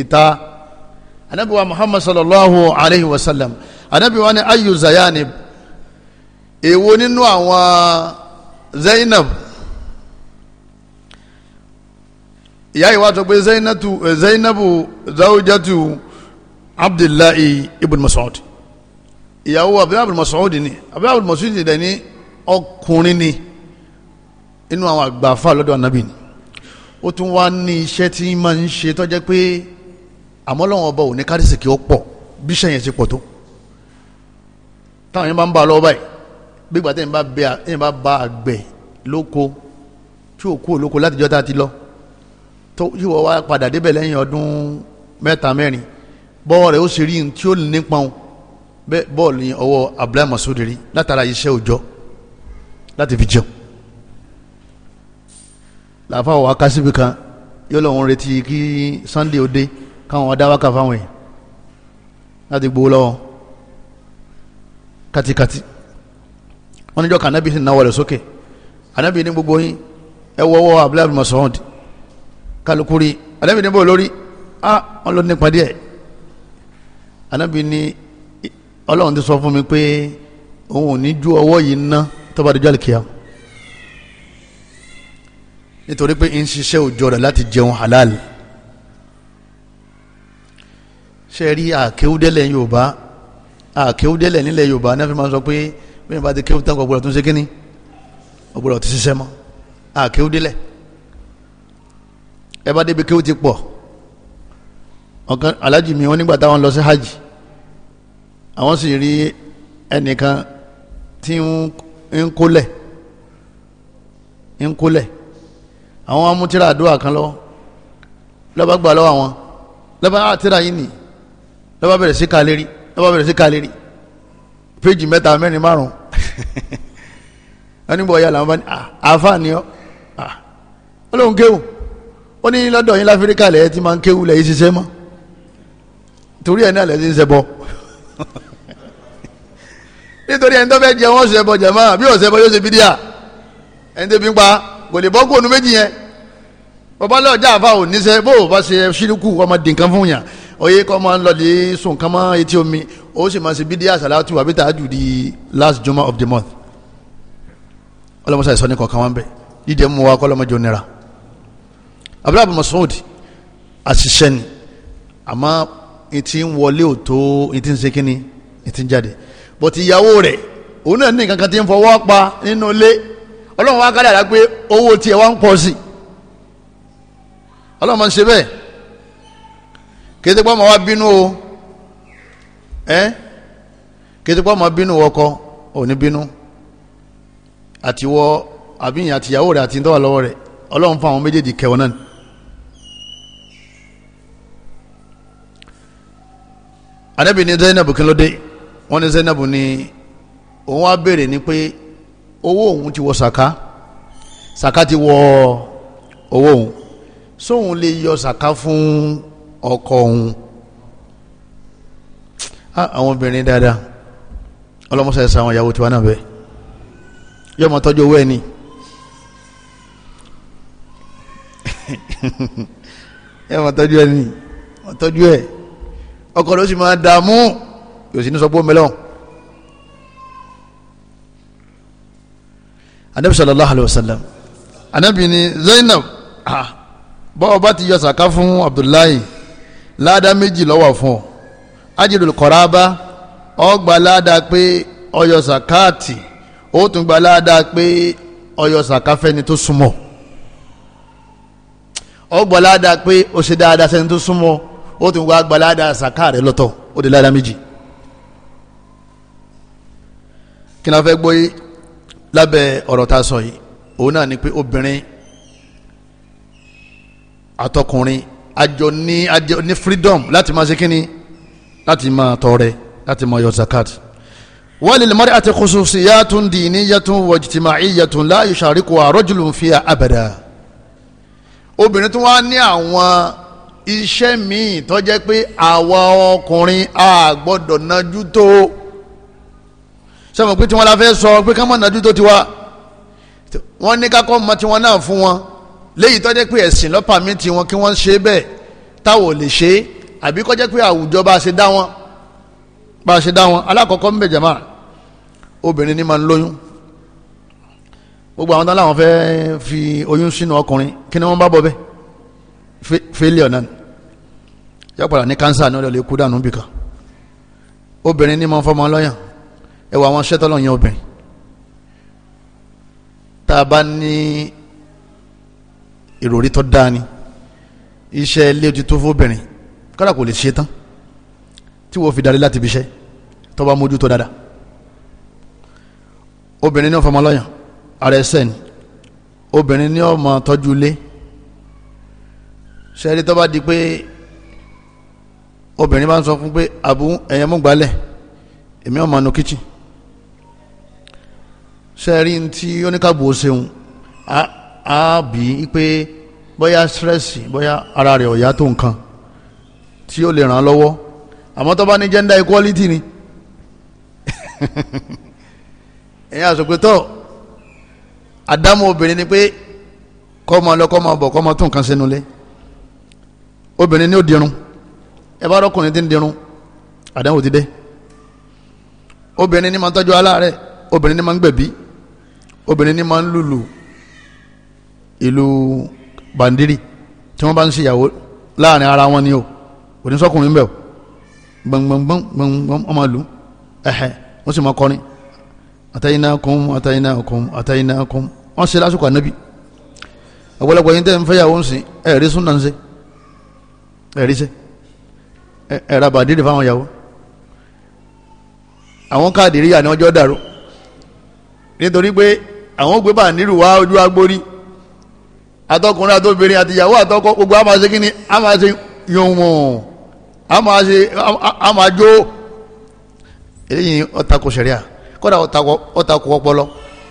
ìta anabi wa muhammad sallallahu alayhi wa sallam anabi wa ni ayu zayanib èwo nínú àwọn zainab ìyá yìí sọ pé zainabu abdullahi ibn masoud ìyàwó abdullahi ibn masoud ni abdullahi ibn masoud ni dẹni ọkùnrin ni inú àwọn àgbàfà lọ́dọ̀ anabi ni ó tún wá ní iṣẹ́ tí máa ń ṣe tó jẹ́ pé àmọ́ lọ́wọ́ ọba ò ní kárìsì kí ó pọ̀ bí iṣẹ́ yẹn ti pọ̀ tó táwọn yẹn bá ń bá a báyìí bí gbàtẹ́ yẹn bá ba àgbẹ̀ lóko tí ò kú òlóko látijọ́ tá ti lọ tó yíwọ́ wá padà débẹ̀ lẹ́yìn ọdún mẹ́ta mẹ́rin bọ́ọ̀ rẹ̀ ó ṣe rí ní tí ó nípa wọn bẹ́ẹ̀ bọ́ọ̀lù yẹn ọwọ́ abdullahi masud rí látara iṣẹ́ òòjọ́ láti fi jẹun làáfà wà kásìbì kan yóò lọ́wọ́n retí kí sunday ó dé káwọn adá wákà fáwọn yìí láti gbowó lọ́wọ́ katikati wọ́n níjọ́ kan anábì sì náwó rẹ̀ sókè anábì ní gbogbo yín ẹ wọ́wọ́ abdullahi masud kálukú rí anábì ní bọ́ọ̀ lórí ah wọ́n lọ nípa díẹ̀ anábì ní ọlọ́run ti sọ fún mi pé òun ò ní ju ọwọ́ yìí ná tó bá dojú àlùkìyà nítorí pé ń ṣiṣẹ́ òjò rẹ̀ láti jẹun halal ṣe rí àkéwúdẹ́lẹ̀ yorùbá àkéwúdẹ́lẹ̀ nílẹ̀ yorùbá náà fi máa ń sọ pé bí wọ́n bá ti kéwú tán kò gbọ́dọ̀ tún ṣe kínní ọ̀gbọ́dọ̀ ti ṣiṣẹ́ mọ́ àkéwúdẹ́lẹ̀ ẹ bá débi kéwú ti pọ̀ ọ̀kan alájì mi wọ́n nígbà táwọn lọ sí hajj àwọn sì rí ẹnìkan tí ń kólẹ̀ ń kólẹ̀ àwọn amútírà àdúrà kan lọ lọ́ba gbà lọ́wọ́ àwọn lọ́ba ah, àtírà yìí nì lọ́ba bẹ̀rẹ̀ sí kalérí lọ́ba bẹ̀rẹ̀ sí kalérí péjì mẹ́ta mẹ́rin márùn-ún [LAUGHS] wọ́n ní bọ̀ ya làwọn bá ní ah, àáfàá ni ọ́ ah, ó kéwù ó ní lọ́dọ̀ yín láfíríkà lẹ́yìn tí máa ń kéwù lẹ́yìn ṣiṣẹ́ mọ́ torí ẹ̀ náà lẹ́sìn ń ṣẹbọ nítorí ẹni tó fẹ́ jẹ wọ́n ṣẹbọ jẹ̀mọ́ bí ọ̀ṣẹbọ yóò ṣe fi díà ẹni tó fi ń pa kò lè bọ́ kóònù méjì yẹn bàbá lọ́jà àfa ò níṣẹ́ bó o bá ṣe ṣírìkù ọmọ dìǹkan fún yàn oyè kọ́ máa ń lọ sùn kán mọ́ etí omi ó sì máa ṣe bí díà sàlátù àbí tààjù di last juma of the month ọlọ́mọṣà ìsọ́ni kọ̀ọ̀kan wọn bẹ̀ dídẹ̀ mú wa kọ́lọ́mọjọ nira Abdullahi Masoud àṣìṣẹ́ ni àmọ́ ìtì ń wọlé ò ìtì ń ṣe kínní ìtì ń jáde bọ̀tì ìyàwó rẹ̀ òun náà ní kankan tí ń fọwọ́ pa nínú ilé ọlọ́run wá àdá pé owó tiẹ̀ wá ń pọ̀ sí ọlọ́run máa ń bẹ́ẹ̀ o ẹ́ máa bínú ọkọ òní bínú àtiwọ́ àbíyàn àtìyàwó rẹ àti ń tọ́wà lọ́wọ́ rẹ̀ ọlọ́run fún àwọn méjèèjì kẹwọn náà anabi ní zainabu kí ló dé wọ́n ní zainabu ní òun wá béèrè ní pé owó òun ti wọ sàká sàká ti wọ owó òun sóun lè yọ sàká fún ọkọ òun ah, àwọn obìnrin dáadáa ọlọ́mọṣẹ́ sá àwọn ìyàwó tiwa náà bẹ́ẹ̀ yọmọ tọ́jú owó ẹ̀ ni yọmọ tọ́jú ẹ̀ ni tọ́jú ẹ̀ ọkọ rẹ̀ ó sì máa dààmú yóò sì ní sọ pé ó anabi sallallahu alayhi wa sallam anabi ni zainab bọ́ọ̀ bá ti yọ sàká fún abdullahi láàdá méjì lọ́wọ́ fún ọ ajidul kọ́rábá ọgbà láàdá pé ọyọ sàkáàtì ó tún gbà láàdá pé ọyọ sàká fẹ́ni tó súnmọ́ ọgbà láàdá pé ó ṣe dáadáa sẹ́ni tó súnmọ́ ó ti wá gbalada sàká rẹ lọ́tọ̀ ó di ládàá méjì kí ni a fẹ́ gbọ́ yìí lábẹ́ ọ̀rọ̀ tá a sọ yìí òun náà ni pé obìnrin àtọkùnrin àjọ ní àjọ ní freedom láti máa ṣe kí ni láti máa tọrẹ láti máa yọ zakat walil mar'ati khususiyatun diniyatun wajtimaiyatun la yushariku rajulun fiha abada obìnrin tó wá ní àwọn iṣẹ́ míì tó jẹ́ pé àwa ọkùnrin a gbọ́dọ̀ nájú tó sọmọ pé tí wọ́n la fẹ́ sọ pé ká má nájú tó tiwa wọ́n ní ká kọ́ ọmọ tiwọn náà fún wọn léyìí tó jẹ́ pé ẹ̀sìn lọ́pàá mi tiwọn kí wọ́n ṣe bẹ́ẹ̀ táwọn ò lè ṣe é àbí kó jẹ́ pé àwùjọ bá a ṣe dá wọn bá a ṣe dá wọn alákọ̀ọ́kọ́ ń bẹ̀ jàmá obìnrin ni máa lóyún gbogbo àwọn tán láwọn fẹ́ fi oyún sínú ọkùnrin kí ni wọ́n bá bọ̀ bẹ́ẹ̀ failure náà yọpọlọ ní kánsà ní ọlọlẹ kú dànù bìkan obìnrin ní máa ń fọmọ lọ́yàn ẹ wọ àwọn ṣẹ́tọ́ lọ́yàn obìnrin tá a bá ní ìròrí tó dáa ni iṣẹ́ ilé ti tó fóbìnrin kọ́dà kò lè ṣe tán tí wọ́n fi darí láti ibi iṣẹ́ tó bá mójútó dáadáa obìnrin ní ó fọmọ ara ẹsẹ̀ ni obìnrin ní ó máa ilé ṣẹ́ẹ́rí tó bá di pé obìnrin bá ń sọ fún pé àbú ẹ̀yẹ mú gbálẹ̀ èmi ọmọ nu kíchì sẹ́ẹ̀rí tí oníkàbù ó ṣeun á bí i pé bóyá strẹ́sì bóyá ara rẹ̀ ọ̀yá tó nǹkan tí ó lè ràn án lọ́wọ́ àmọ́ tó bá ní gender equality ni [LAUGHS] ẹ̀yin àsopẹ̀tọ̀ àdámọ̀ obìnrin ni pé kọ́ ọmọ lọ kọ́ ọmọ bọ̀ kọ́ ọmọ tó nǹkan sínú lé obìnrin ni ó dirun ẹ bá rọkùnrin tí ń dirun àdánwò ti dé obìnrin ni máa ń tọ́jú aláàárẹ̀ obìnrin ni máa ń gbẹ̀bí obìnrin ni máa ń lùlù ìlú bàndírì tí wọ́n bá ń ṣèyàwó láàrin ara wọn ni o onísọkùnrin bẹ́ẹ̀ o gbọ̀ngbọ̀ngbọ̀n gbọ̀ngbọ̀n ọmọ ìlú ẹ̀hẹ̀ wọ́n sì máa kọrin àtẹ̀yìnà kún àtẹ̀yìnà kún àtẹ̀yìnà kún wọ́n ṣe lásìkò ànábì ọ̀pọ̀lọpọ̀ yín tẹ́ ń fẹ́yàwó ń sìn ẹ̀rí súnà ń ṣe ẹ̀rí ṣe ẹ̀rọ àbàdìrì fáwọn ìyàwó àwọn káàdì ríyà ni ọjọ́ dàrú nítorí pé àwọn gbé bá nírú wá ojú agbórí atọkùnrin àtobìnrin àtìyàwó àtọkọ gbogbo a máa ṣe kíni a máa ṣe yòówùn a máa ṣe a máa jó eléyìí ọ̀tako sẹ̀ríà kódà ọ̀tako ọpọlọ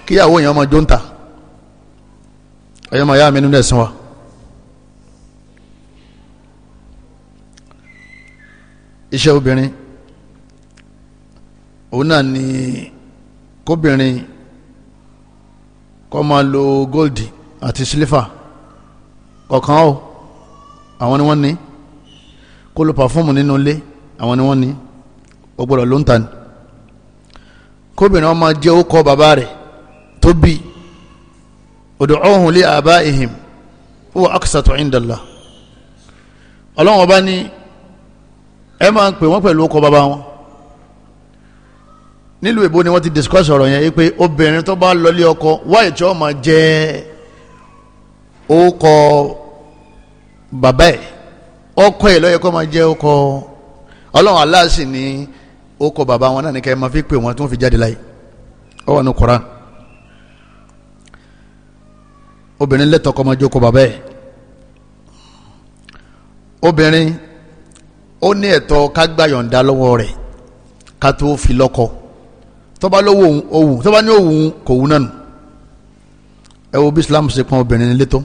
kíyàwó yẹn ọmọ jó ń ta ẹ̀yọ́ máa yá mi nínú ẹ̀sìn wa. iṣẹ́ obìnrin òun náà ni kóbìnrin kó máa lo gold àti silver kọ̀ọ̀kan o àwọn ni wọ́n ní kó lo pàfọ́ọ̀mù nínú ilé àwọn ni wọ́n ní ó gbọ́dọ̀ ló ń ta ni kóbìnrin ọmọ jẹ́ ó kọ́ bàbá rẹ̀ tó bí ud'uhum li aba'ihim huwa aqsatu 'inda Allah ọlọ́wọ́n bá ní ẹ máa ń pè wọ́n pẹ̀lú ọkọ̀ bàbá wọn nílùú èbó ni wọ́n ti discuss ọ̀rọ̀ yẹn pé obìnrin tó bá lọlé ọkọ wáyé tí wọ́n máa jẹ́ ọkọ bàbá ẹ̀ ọkọ ẹ̀ lọ́yẹ kó máa jẹ́ ọkọ ọlọ́run aláàsì ní ọkọ bàbá wọn náà ní kẹ́ ẹ máa fi pè wọ́n tí wọ́n fi jáde láyé ọ ní Koran obìnrin lẹ́tọ̀ọ́ kó máa jẹ́ ọkọ bàbá ẹ̀ obìnrin ó ní ẹ̀tọ́ ká gba yọ̀ǹda lọ́wọ́ rẹ̀ ká tó fi lọ́kọ tọ́ba lówó òwù tọ́ba ní òwù kò wù nánu ẹ wo bí Islam ṣe pọn obìnrin nílé tó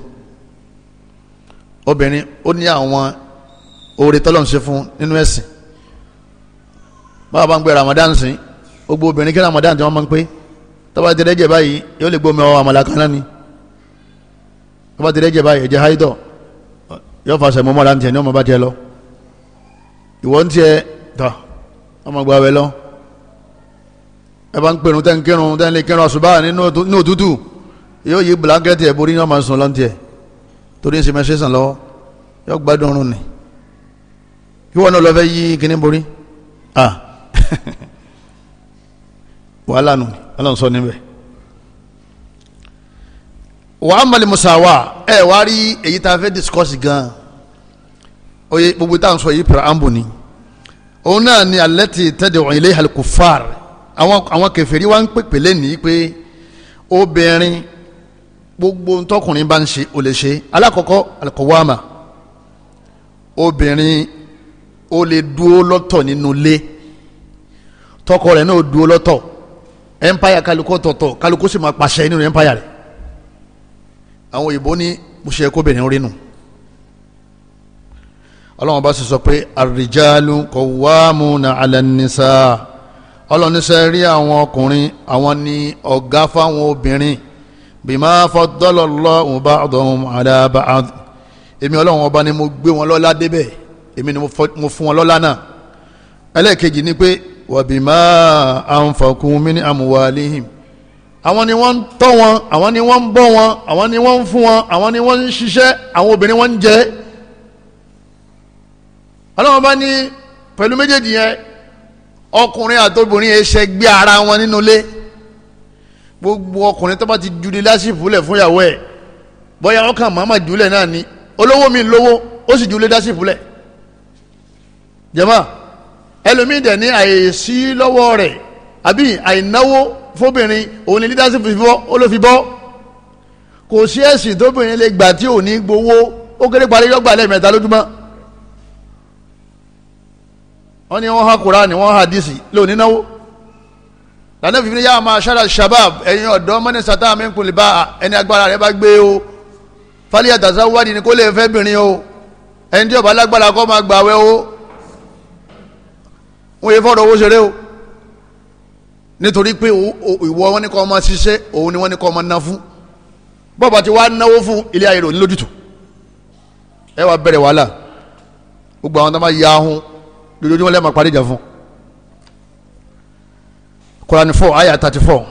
obìnrin ó ní àwọn oore tọ́lọ́run ṣe fún nínú ẹ̀sìn báwa bá ń gbé Ramadan sìn gbogbo obìnrin kí Ramadan tí wọ́n máa ń pé tọ́ba ti rẹ́jẹ̀ báyìí yóò lè gbómi ọwọ́ àmàlà kan náà ni tọ́ba ti rẹ́jẹ̀ báyìí ẹ̀jẹ̀ háídọ̀ yóò fàṣẹ mọ́mọ́ra ní tiẹ̀ ní ọmọ bá tiẹ̀ lọ ìwọ ń tiẹ̀ tọ́ ọmọ gba abẹ lọ ẹ bá ń pẹ̀rù tẹ́ ń kírun tẹ́ ń lè kírun àṣùbà nínú òtútù yóò yí blanketi ẹ̀ borí yóò máa sùn lọ́ntì ẹ̀ torí ń sèmẹ́sẹ̀ sàn lọ́wọ́ yóò gbádùn ọrùn ni ìwọ náà lọ fẹ́ yí kíní borí ah [LAUGHS] wàhálà nù ọlọ́run sọ níbẹ̀ wàá mọ̀lẹ́ musawa ẹ̀ wá rí èyí tá a fẹ́ discuss gan-an oye gbogbo táwọn sọ yìí preamble ni òun náà ni allati tad'u ilayha al-kuffar àwọn àwọn kèfèrí wa ń pèpè lẹ́nìí pé obìnrin gbogbo ntọkùnrin bá ń ṣe ó lè ṣe alákọ̀ọ́kọ́ al-qawama obìnrin ó lè dúó lọ́tọ̀ nínú ilé tọkọ rẹ̀ náà dúó lọ́tọ̀ empire kálukú tọ̀tọ̀ kálukú sì máa pàṣẹ nínú empire rẹ̀ àwọn òyìnbó ní mo ṣe kóbìnrin rínú ọlọ́run bá sì sọ pé àrìjálù kọ̀wámùnà alẹ́nisa ọlọ́nisẹ́ rí àwọn ọkùnrin àwọn ni ọ̀gá fáwọn obìnrin bima faddalullahu ba'dahum ala ba'd èmi ọlọ́run ọba ni mo gbé wọn lọ́lá débẹ̀ èmi ni mo fún wọn lọ́lá náà ẹlẹ́ẹ̀kejì ni pé wa bima anfaqu min amwalihim àwọn ni wọ́n ń tọ́ wọn àwọn ni wọ́n ń bọ́ wọn àwọn ni wọ́n ń fún wọn àwọn ni wọ́n ń ṣiṣẹ́ àwọn obìnrin wọ́n ń jẹ́ ọlọ́run bá ní pẹ̀lú méjèèjì yẹn ọkùnrin àtobìnrin yẹn ṣe gbé ara wọn nínú ilé gbogbo ọkùnrin tó bá ti ju leadership lẹ̀ fún ìyàwó ẹ̀ bóyá ọkàn màmá jùlẹ̀ náà ni olówó mi lówó ó sì ju leadership lẹ̀ jẹ́mọ́ ẹlòmíì dẹ̀ ní àyèsí lọ́wọ́ rẹ̀ àbí àìnáwó fóbìnrin òun ni leadership fi bọ́ ó ló fi bọ́ kò sí ẹ̀sìn tóbìnrin lè gbà tí ò ní gbowó ó kéré parí yọgbà lẹ́ẹ̀mẹ́ta lójúmọ́ wọ́n ní wọ́n ha kuraani wọ́n ha disi lónìí náwó lànà fífi yá máa ṣára shabab ẹ̀yin ọ̀dọ́ mọ́ni sata mi kun lè bá ẹni agbára rẹ bá gbé o fálíyà tàṣà wádìí ni kò lè fẹ́ bìnrin o ẹni tí ó bá lágbára kó máa gbàwẹ̀ o wọ́n yẹ fọ́ọ̀rọ̀ owó ṣeré o nítorí pé ìwọ wọn ni kò máa ṣiṣẹ́ òun ni wọ́n ni kò máa ná fún bọ́ọ̀bà tí wàá náwó fún ilé ayé ní lójútùú ẹ wàá bẹ̀rẹ̀ wàhálà gbogbo àwọn tó máa ya ahun lójoojúmọ́ lẹ́ẹ̀ma parí ìjà fún Quran four ayah thirty four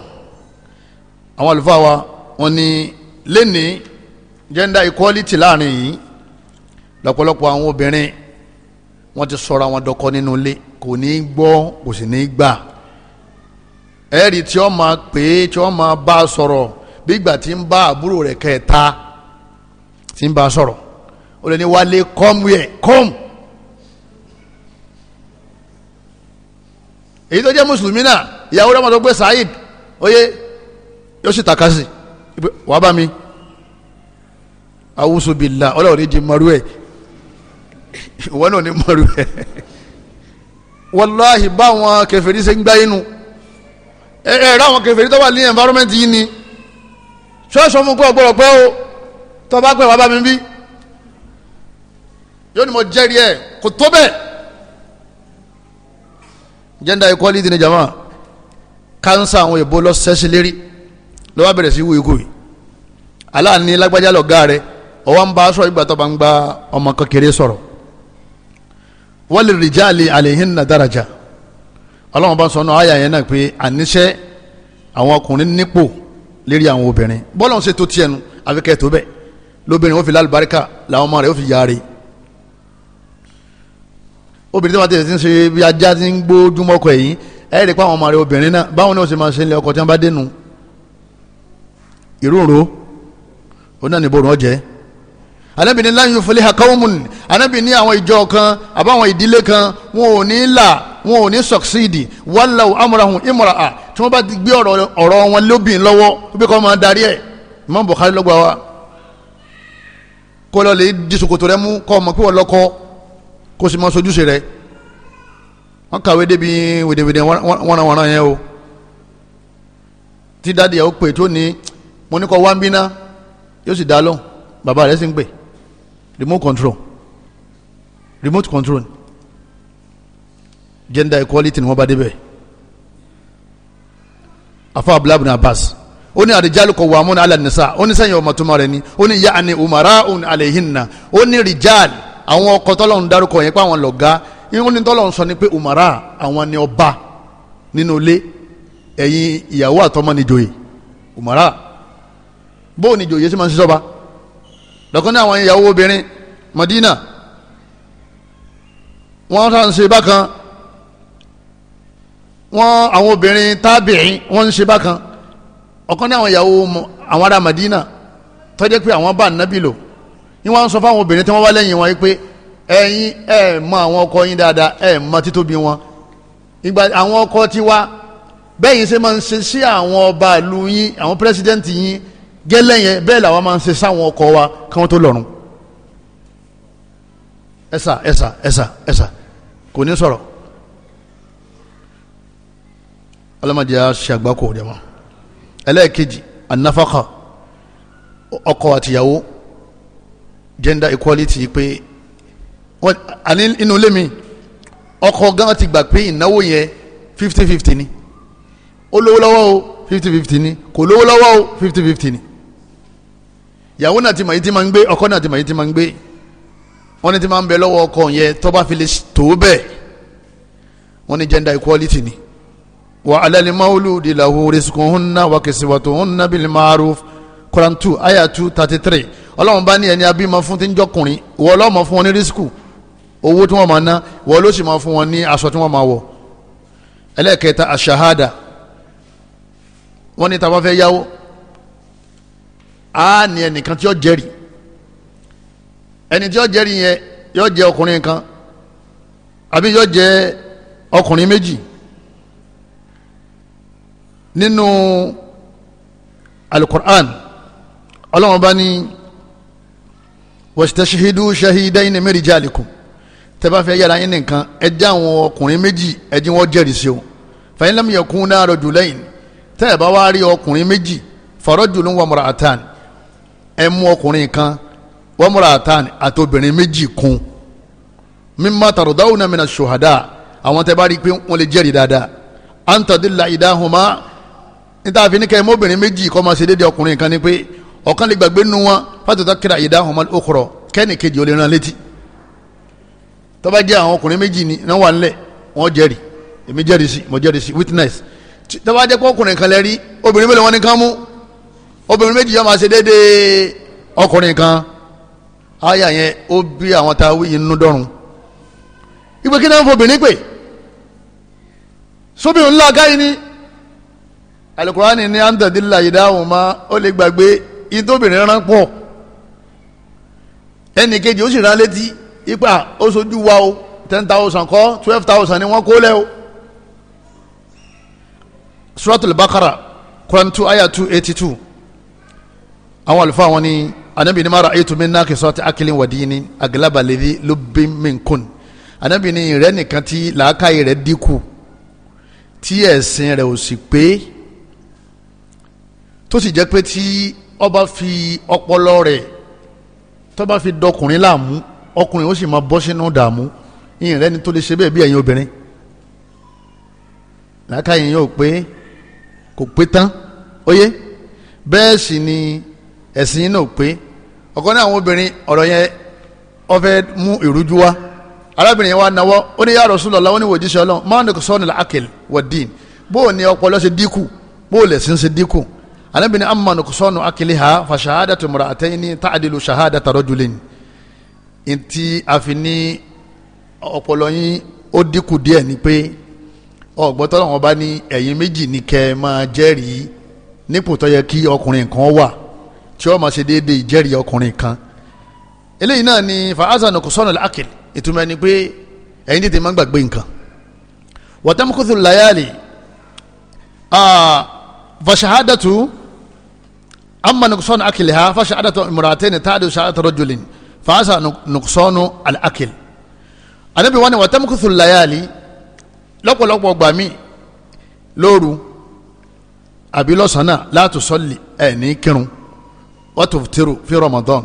àwọn àlùfáà wa wọ́n ní lẹ́ni gender equality láàrin yìí lọ́pọ̀lọpọ̀ àwọn obìnrin wọ́n ti sọ̀rọ̀ àwọn dọ́kọ nínú ilé kò ní í gbọ́ kò sì ní í gbà ẹ̀rí tí ó máa pè é tí ó máa bá a sọ̀rọ̀ bí ìgbà tí ń bá àbúrò rẹ̀ kẹta tí ń bá a sọ̀rọ̀ ó ní wálé come here come èyí tó jẹ́ mùsùlùmí náà ìyàwó rẹ̀ mọ̀tò pé saheed oyè yóò sì tàka sí wàá bá mi awúsùbìlà ọlọ́run ní di mọ́rú ẹ̀ [LAUGHS] ìwọ náà ní mọ́rú ẹ̀ [LAUGHS] wàláhì báwọn kèfèrí ṣe ń gbá inú ẹ ẹ ráwọn kèfèrí tó wà ní environment yìí ni ṣọ́ọ̀ṣì ọmọ kó ọgbọ́rọ̀ pé o tó bá pẹ́ wàá bá mi bí yóò ní mo jẹ́rìí ẹ̀ kò tó bẹ́ẹ̀ gender equality ni jama kansa àwọn èèbó lọ sẹ́sẹ̀ lérí lọ́wọ́ bẹ̀rẹ̀ sí wúwo ikú yìí aláàní lágbájá lọ̀gá rẹ̀ ọwọ́ ń bá aṣọ ìgbà tó bá ń gba ọmọ kékeré sọ̀rọ̀ wali rijali alayhinna daraja ọlọ́run bá ń sọ náà àyà yẹn náà pé àníṣe àwọn ọkùnrin nípò lérí àwọn obìnrin bọ́lá ń ṣètò tiẹ̀ nu àfikẹ́ tó bẹ́ẹ̀ lóbìnrin ó fi lálùbáríkà làwọn ọmọ rẹ̀ ó fi yára rèé obìnrin tí wọ́n ti ń ṣe bí ajá ti ń gbójúmọ́ ọkọ yìí ẹ rí i pé àwọn ọmọ rẹ obìnrin náà báwọn náà ṣe máa ṣe ń lé ọkọ tí wọ́n bá dénú ìrúurú ó náà níbo rán jẹ́ anabi ni lan yufliha qaumun anabi ni àwọn ìjọ kan àbáwọn ìdílé kan wọn ò ní là wọn ò ní succeed walau amrahum imra'a tí wọ́n bá ti gbé ọ̀rọ̀ wọn lóbìn lọ́wọ́ bí kò máa darí ẹ̀ Imam Bukhari lọ́gbà wa kó lọ lè di rẹ mú kọ́ ọmọ pé wọ́n lọ́kọ́ kó sì máa sojúṣe rẹ wọn kàwé débi wèdèwèdè wọnàwọnà yẹn o tí dáàdi yà ó pè tó ní mo ní kọ wá ń bí yóò sì dá lóhùn bàbá rẹ sì ń pè remote control remote control gender equality ni wọn bá débẹ̀ afa abdulhamu abbas ó ní àríjálù kọ̀ wàmúna alẹ́ nìsa ó ní sẹ́yìn ọmọ tó máa rẹ ni ó ní yaani umara alẹ́ hinna ó ní rijal àwọn ọkọ̀ tọ́lọ́run dárúkọ yẹn pé àwọn lọ̀gá irun ní tọ́lọ́run sọ ni pé umara àwọn ni ọba nínú ilé ẹ̀yin ìyàwó àtọmọ ni joyè umara bóun ni joyè sì máa ń ṣiṣọba lọ́kàn ní àwọn ìyàwó obìnrin Madina wọ́n sá ń ṣe bákan wọ́n àwọn obìnrin tábìrín wọ́n ń ṣe bákan ọ̀kan ní àwọn ìyàwó àwọn ará Madina tọ́jú pé àwọn bá nàbì lò ni wọ́n sọ fáwọn obìnrin tí wọ́n wá lẹ́yìn wọn pé ẹ̀yin ẹ̀ mọ àwọn ọkọ yín dáadáa ẹ̀ mọ títóbi wọn ìgbà àwọn ọkọ tiwa bẹ́yìn ṣe máa ń ṣe sí àwọn ọba ìlú yín àwọn pírẹsidẹ́ǹtì yín gẹ́lẹ́ yẹn bẹ́ẹ̀ làwọn máa ń ṣe sáwọn ọkọ wa kí wọ́n tó lọ́rùn ẹ̀sà ẹ̀sà ẹ̀sà ẹ̀sà kò ní sọ̀rọ̀ ọlọ́mọdé á ṣe àgbákò ọ̀dẹ̀ wọn ẹlẹ́ẹ̀kejì anáfàkà ọkọ àtìyàwó gender equality pé àní inú ilé mi ọkọ gan ti gbà pé ìnáwó yẹn fifty fifty ni ó lówó lọ́wọ́ o fifty fifty ni kò lówó lọ́wọ́ o fifty fifty ni ìyàwó náà ti mọ̀ yìí ti máa ń gbé ọkọ náà ti mọ̀ yìí ti máa ń gbé wọ́n ní ti máa ń bẹ lọ́wọ́ ọkọ yẹn tó fi lè tó bẹ́ẹ̀ wọ́n ní gender equality ni wa alal mawludi lahu rizquhunna wa kiswatuhunna bil ma'ruf Quran two ayah two thirty three ọlọ́run bá ní ẹni abímọ fún ti ń jọkùnrin ìwọ ọlọ́mọ fún wọn ní rísíkù owó tí wọ́n máa ná ìwọ ló sì máa fún wọn ní aṣọ tí wọ́n máa wọ̀ ẹlẹ́ẹ̀kẹta àṣàhádà wọ́n ní tá bá fẹ́ yáwó á ní ẹnìkan tí ó jẹ́rìí ẹni tí ó jẹ́rìí yẹn yóò jẹ́ ọkùnrin kan àbí yóò jẹ́ ọkùnrin méjì nínú alukur'an ọlọ́run bá ní wastashhidu shahidayni min rijalikum tẹ́ bá fẹ́ yàrá yín nìkan ẹ jẹ́ àwọn ọkùnrin méjì ẹ jẹ́ wọ́n jẹ́rìí sí o fa in lam yakuna rajulayn tẹ́ ẹ bá wá rí ọkùnrin méjì fa rajulun wa imra'atan ẹ mú ọkùnrin kan wa imra'atan àti obìnrin méjì kún mimma tardawna mina shuhada àwọn tẹ́ bá rí i pé wọ́n lè jẹ́rìí dáadáa an tadilla idahuma níta kẹ́ ẹ obìnrin méjì kó máa ṣe déédéé ọkùnrin kan ni pé ọ̀kan lè gbàgbé nu wọn fàtúntà kíra ìdá ọmọ okòrò kẹ́ni kejì ó lè rán létí tó jẹ́ àwọn ọkùnrin méjì ni náà wà ńlẹ̀ wọ́n jẹ́rìí èmi jẹ́rìí sí mo jẹ́rìí sí witness tó bá jẹ́ pé ọkùnrin kan lè rí obìnrin mélòó wọn ni kán mú obìnrin méjì yóò máa ṣe déédéé ọkùnrin kan àyà yẹn ó bí àwọn tá a wí dọ́run ìgbé kí náà ń pè sóbìnrin ńlá gáyìí ni alukurani ni andadila ìdáhùn ma ó lè gbàgbé ìtòbìnrin rán pọ̀ ẹnì kejì ó sì rán létí ipa ó sojú wa o ten thousand kọ́ twelve thousand ni wọ́n kó lẹ́ o. suratul bakara quran two ayah two eighty two àwọn àlùfáà wọn ni anabi ni mara ayetu mi náà kìsọ́ ti akilin wàdí ni agilaba lèdi ló bí mi nkún anabi ni rẹ nìkan ti làákàyè rẹ dínkù tí ẹ̀sìn rẹ ò sì pé tó sì jẹ́ pé tí ọba fi ọpọlọ rẹ̀ tọ́ba fi dọkùnrin láàmú ọkùnrin ó sì máa bọ́ sínú dààmú ìyìn rẹ ni tó lè ṣe bẹ́ẹ̀ bí ẹ̀yin obìnrin làákàyè yóò pé kò pé tán óyé bẹ́ẹ̀ sì ni ẹ̀sìn náà pé ọ̀kan náà àwọn obìnrin ọ̀rọ̀ yẹn ó fẹ́ mú ìrújú wá arábìnrin yẹn wá náwó ó ní ya Rasulullah ó ní wòjíṣẹ́ ọlọ́run máa ń dẹ̀kọ̀ sọ́ọ́nù làákìlì wọ̀dìn bóò ni ọpọlọ ṣe dínkù bóò lẹ̀sìn ṣe dínkù anabi ni amma nukusọnu akiliha fa shahadatu muraatayni ta'dilu shahadata rajulin nti àfini ọpọlọ yín ó dínkù díẹ̀ ni pé ọgbọ́tọ́ làwọn bá ní ẹ̀yin méjì ní kẹ́ ẹ máa jẹ́rìí nípò tó yẹ kí ọkùnrin kan wà tí ó máa ṣe déédéé ìjẹ́rìí ọkùnrin kan eléyìí náà ni fa'asa nukusọnu akil ìtumọ̀ ẹni pé ẹ̀yin tètè máa gbàgbé nǹkan wàtẹ́mukùtù layali ah, fashahadatu amma nuqsan akliha fa shahadatu imra'atayn ta'du shahadatu rajulin fa hasa nuqsanu al-akl anabi wani wa tamkuthu al-layali lọ́pọ̀lọpọ̀ gbà mí lóru àbí lọ́sàn-án la tusalli ẹ̀ ní kírun wa tuftiru fi ramadan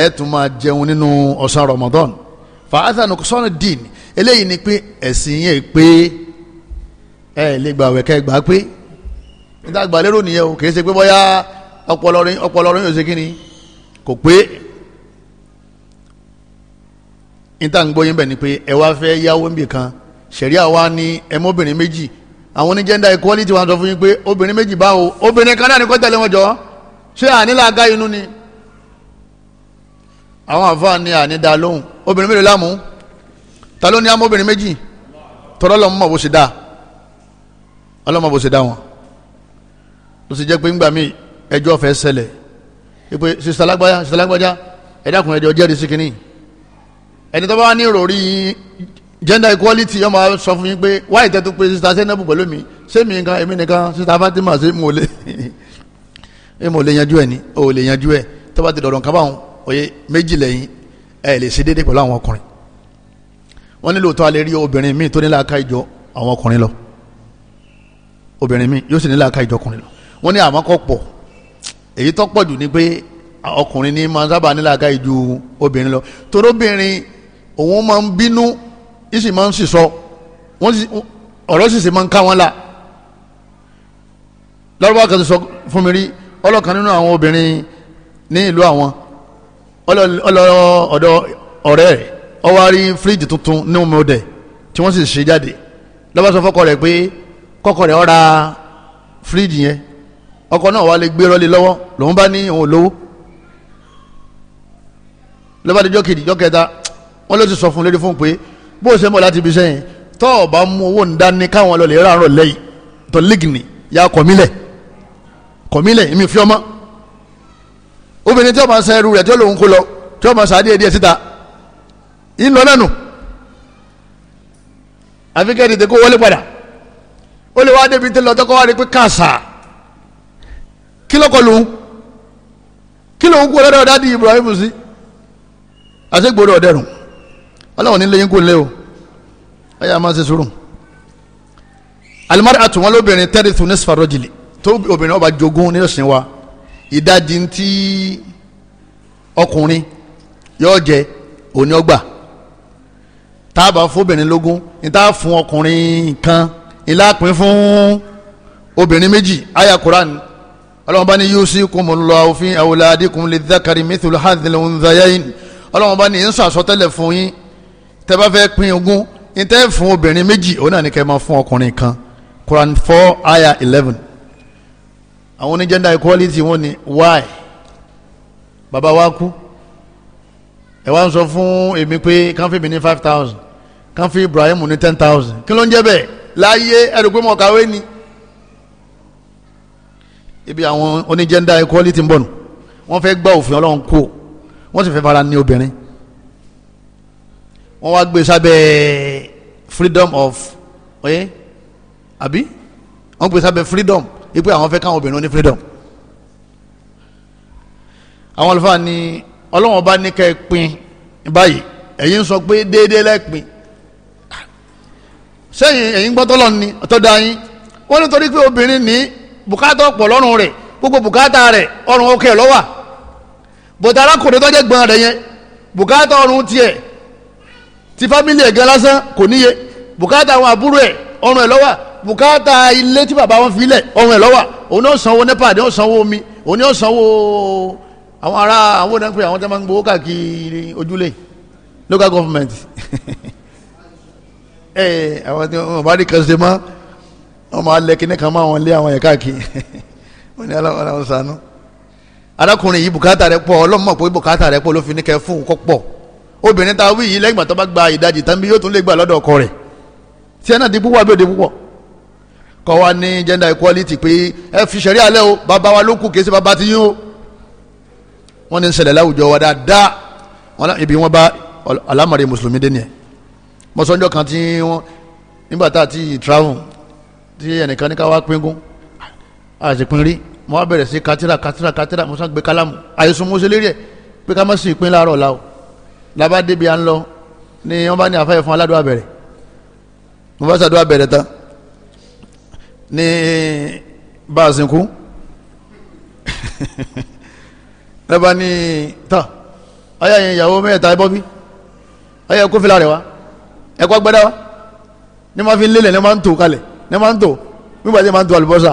ẹ̀ tún máa jẹun nínú ọ̀sán ramadan fa hasa nuqsanu ad-din eléyìí ni pé ẹ̀sìn yẹn pé ẹ̀ lè gbàwẹ̀ kẹ́ gbà pé nígbà gbà lérò nìyẹn o kì í ṣe ọpọlọ rẹ ọpọlọ rẹ yóò ṣe kí ni kò pé níta ń gbóyún bẹ̀ ni pé ẹ wá fẹ́ yáwó níbì kan ṣẹ̀ríà wa ní ẹmọ́bìnrin méjì àwọn oní gender equality wa sọ fún yín pé obìnrin méjì báwo obìnrin kan náà ni kò tẹ̀lé wọn jọ ṣé ànílà aga inú ni àwọn àfáà ní ànídá lóhùn obìnrin mélòó lámú ta ló ní amóbìnrin méjì tọ́lọ́ lọ́mọ mọ̀ bó ṣe dá ọlọ́mọ bó ṣe dá wọn ló sì jẹ́ pé ńgbà míì ẹjọ́ fẹ́ ṣẹlẹ̀ ìpè sista lágbájá sista lágbájá ẹ̀dàkùn ẹjọ́ jẹ́rìí sí kínní ẹni tó bá ní ìròrí gender equality yóò máa sọ fún yín pé wáyé tẹ́tù pé sista sẹ́nẹ́bù pẹ̀lú mi sẹ́mi nǹkan èmi nìkan sista Fatima ṣe mo lè [LAUGHS] mo lè yanjú ẹ̀ ni o lè yanjú ẹ̀ tó bá ti dọ̀dọ̀ nǹkan báwọn òye méjì lẹ́yìn ẹ̀ lè ṣe déédéé pẹ̀lú àwọn ọkùnrin wọ́n nílò tó a lè rí obìnrin míì tó nílò aka ìjọ àwọn ọkùnrin lọ obìnrin míì yóò sì nílò aka ìjọ ọkùnrin lọ wọ́n ní àmọ́kọ́ pọ̀ èyí tó pọ̀ jù ni pé ọkùnrin ní máa sábà nílàáká ìju obìnrin lọ torobìnrin òun máa ń bínú ìsì máa ń sísọ ọ̀rọ̀ sì sì máa ń ká wọn la lọ́wọ́ kan ti sọ fún mi rí ọlọ́kan nínú àwọn obìnrin ní ìlú àwọn ọlọ́ọ̀ ọ̀dọ̀ ọ̀rẹ́ rẹ̀ ó wá rí fíríjì tuntun ní omi ọdẹ tí wọ́n sì ṣe jáde lọ́wọ́ sọ fọ́kọ rẹ̀ pé kọ́kọ rẹ̀ ó ra fíríjì yẹn ọkọ náà wà lè gbé rọlé lọ́wọ́ lòun bá ní òun lówó lọ́bàdìjọ́ kejì jọ́ kẹta wọ́n ló ti sọ fún lérí fún pé bó o ṣe ń láti ibi sẹ́yìn tọ́ ọ bá mú owó ń dání káwọn lọ lè rà lẹ́yìn tó lígìnì ya kọ̀mílẹ̀ kọ̀mílẹ̀ èmi fi ọmọ obìnrin tí ó máa san ẹrù rẹ̀ tí ó lòun kó lọ tí ó máa san adíẹ̀ díẹ̀ síta yìí ń lọ lẹ́nu àfikẹ́ tètè kó wọlé padà ó lè wá débi tí lọ́tọ́kọ́ wá rí pé káàsà kí ló kọ lòun kí lòun kú ọlọ́dọ̀ dádì Ibrahim sí àṣegbodò ọ̀dẹ́rùn ọlọ́run nílé yín kò lé o ẹ̀yà máa ṣe sùúrù alimari àtúwọ́n lóbìnrin tẹ́rìtù ní sfarojìlì tó obìnrin ọba jogún ní ọ̀sìn wa ìdajì ti ọkùnrin yóò jẹ òní ọgbà tá fóbìnrin lógún ní fún ọkùnrin kan ìlà pín fún obìnrin méjì àyà Kúránì ọlọ́run bá ní yusikumullahu fi awladikum lidhakari mithlu hadhil unthayayn ọlọ́run bá ní ń sàsọtẹ́lẹ̀ fún yín tẹ́ bá fẹ́ pín ogún ní tẹ́ fún obìnrin méjì òun náà ní kẹ́ máa fún ọkùnrin kan Quran four aya eleven àwọn oní gender equality wọn ni why bàbá wa kú ẹ wá ń sọ fún èmi pé kàn fi mi ní five thousand kàn fi Ibrahim ní ten thousand kí ló ń jẹ́ bẹ́ẹ̀ láyé ẹ̀rù pé mo kàwé ni ibi àwọn gender equality ń bọ̀ nù wọ́n fẹ́ gbá òfin ọlọ́run kú o wọ́n sì fẹ́ fara ní obìnrin wọ́n wá gbé sábẹ́ freedom of oye àbí wọ́n gbé sábẹ́ freedom ipe àwọn fẹ́ káwọn obìnrin ní freedom àwọn àlùfáà ni ọlọ́run ọba ní ká ẹ pin báyìí ẹ̀yin sọ pé déédéé lẹ́pin sẹ́yìn ẹ̀yin gbọ́tọ́ lọ́ni ọ̀tọ́ da yín wọ́n nítorí pé obìnrin ní bùkátà ọ̀pọ̀ lọ́rùn rẹ̀ gbogbo bùkátà rẹ̀ ọrùn ọkẹ́ lọ́wà bọ̀dà arákùnrin tó jẹ́ gbọ́n rẹ̀ yẹn bùkátà ọrùn tiẹ̀ ti fámìlì ẹ̀ gan lásán kò níye bùkátà àwọn àbúrò ẹ̀ ọrùn ẹ̀ lọ́wà bùkátà ilé tí bàbá wọn filẹ̀ ọrùn ẹ̀ lọ́wà òun ni ó nípa àdéhùn sanwó omi òun ni àwọn ará àwọn onípe àwọn tó máa gbowó káàkiri ojúlé local government ẹ [LAUGHS] eh, àwọn tí wọn bá rí kan wọ́n máa lẹ kíní kan máa wọn lé àwọn yẹn káàkiri [LAUGHS] wọ́n ní aláwọ̀ aláwọ̀ sànú. arákùnrin yìí bùkátà rẹ̀ pọ̀ ọlọ́mọ pé bùkátà rẹ̀ pọ̀ ló fi ní kẹ́ fún un kọ́ pọ̀ obìnrin ta wí yìí lẹ́yìn ìgbà tó bá gba ìdajì tán bí yóò tún lè gbà lọ́dọ̀ ọkọ rẹ̀ tí ẹ náà di púpọ̀ àbí òde púpọ̀ wa ní gender equality pé ẹ fi ṣẹ̀rí alẹ́ o bàbá wa ló kù kì í ṣe bàbá ti yín o wọ́n ní ṣẹlẹ̀ láwùjọ wa dáadáa wọn ibi wọn bá alámọ̀rẹ́ mùsùlùmí dé nìyẹn mọ́sánjọ́ kan tí wọ́n nígbà tá a ti travel tí ẹnìkan ní ká wá pínkún àṣìpín rí mo wá bẹ̀rẹ̀ sí katira katira katira mo sá gbé kálámù àìsùn mo ṣe lérí ẹ̀ pé ká má sì pín láàárọ̀ la o làbá débi à ń lọ ni wọ́n bá ní àfáyẹ̀ fún aládùn abẹ̀rẹ̀ mo bá ṣàdúrà bẹ̀rẹ̀ tán ní bá a sìnkú [LAUGHS] lọ́ba ní tán ayé àyè ìyàwó mẹ́ta ẹ bọ́ bí ayé kófìlà rẹ̀ wá ẹ̀kọ́ gbẹ́dá wá ní ma fi ń lélẹ̀ ní ma ń tò kalẹ̀ ní máa ń tò nígbà tí máa ń tò àlùbọ́sà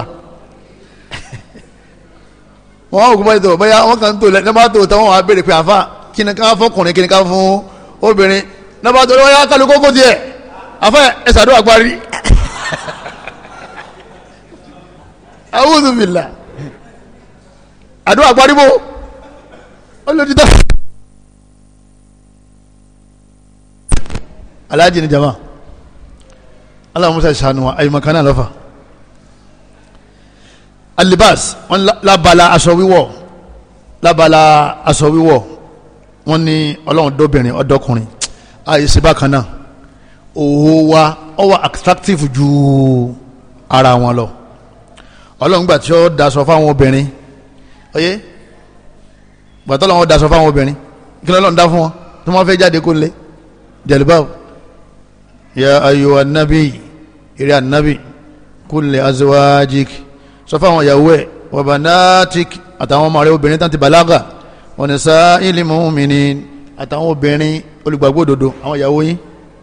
wọn ò gbọ́dọ̀ tó bóyá wọn kàn ń tò lẹ ní máa tò tán wọn á béèrè pé àfa kí ni ká fọkùnrin kí ni ká fún obìnrin ní máa lọ́wọ́ yá kálukó kó tiẹ̀ àfa ẹ ṣàdúrà parí awúzùmìlà [LAUGHS] àdúrà parí bò ó lè dídá. ni jama aláwọn musa ṣàánú wa àyèmọ̀kan náà lọ́fà alibas wọn labala aṣọ wíwọ̀ labala aṣọ wíwọ̀ wọn ní ọlọ́run dóbìnrin ọdọkùnrin àyèsí bákan náà òwò wa ó wà attractive ju ara wọn lọ ọlọ́run gbà tí ó daṣọ fáwọn obìnrin oyè gbàtọ́ lọ́wọ́ daṣọ fáwọn obìnrin kí lọ́lọ́run dá fún wọn tí wọ́n fẹ́ jáde kó lé jẹ̀lúbáwò ya ayyuha nabi eré anabi kulli azwajik sọ fáwọn ìyàwó ẹ wa banatik àtàwọn ọmọ rẹ obìnrin tán ti balaga wa nisa'il mu'minin àtàwọn obìnrin olùgbàgbọ́ òdodo àwọn ìyàwó yín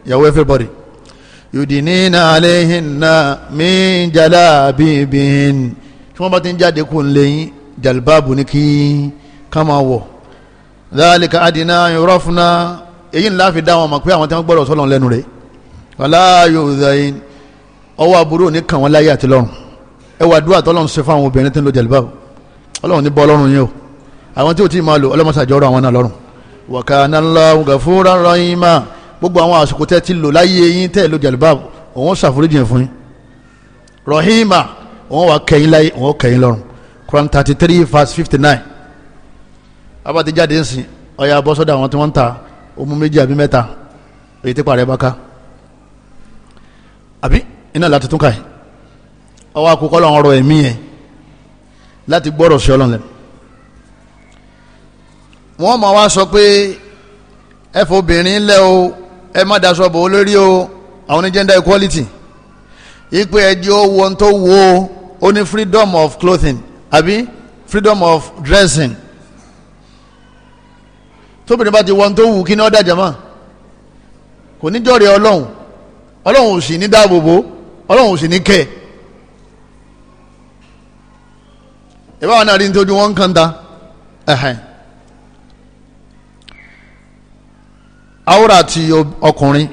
ìyàwó everybody yudinina alayhinna min jalabibin tí wọ́n bá ti ń jáde kó ń lẹ́yìn jalbabu ní kí ká máa wọ̀ dhalika adina yurafna èyí ńlá fi dá wọn mọ̀ pé àwọn tí wọ́n gbọ́dọ̀ sọ́lọ́ lẹ́nu rẹ̀ wàlá yóò zayin ọwọ́ aburú ò ní kàn wọ́n láyé àti lọ́run ẹ wà dúró àtọ́lọ́run ṣe fáwọn obìnrin tí ń lo jẹ̀lúbà ọlọ́run ní bọ́ ọlọ́run yín o àwọn tí ò tí ì máa lò ọlọ́mọṣàjọ́rọ̀ àwọn náà lọ́run wa kana Allahu gafuran rahima gbogbo àwọn àsìkò tẹ́ ti lò láyé yín tẹ́ lo jẹ̀lúbà òun ṣàforíjì fún yín rahima òun wà kẹ́yìn láyé òun kẹ́yìn lọ́run Quran thirty three verse fifty nine abatijáde ń sìn ọ̀yà abọ́sọ́dọ̀ àwọn tí wọ́n ń ta omi àbí mẹ́ta èyí tí pàrẹ́ bá ká àbí iná láti tún ká yìí ọwọ́ akókò ọlọ́run ọ̀rọ̀ ẹ̀mí yẹn láti gbọ́rọ̀ sí ọlọ́run lẹ́nu wọ́n máa wá sọ pé ẹ fobìnrin lẹ́ o ẹ má daṣọ bò lórí o àwọn ní gender equality ipe ẹjẹ́ ó wọ́n tó wo ó ní freedom of clothing àbí freedom of dressing tóbìnrin bá ti wọ́n tó wù kí ni ó dàjà mọ́ kò ní jọ̀rẹ̀ ọlọ́run ọlọ́run ò sì ní dáàbòbò ọlọ́run ò sì ní kẹ́ ẹ báwọn náà rí ní tójú wọn kàn ta aura ti ọkùnrin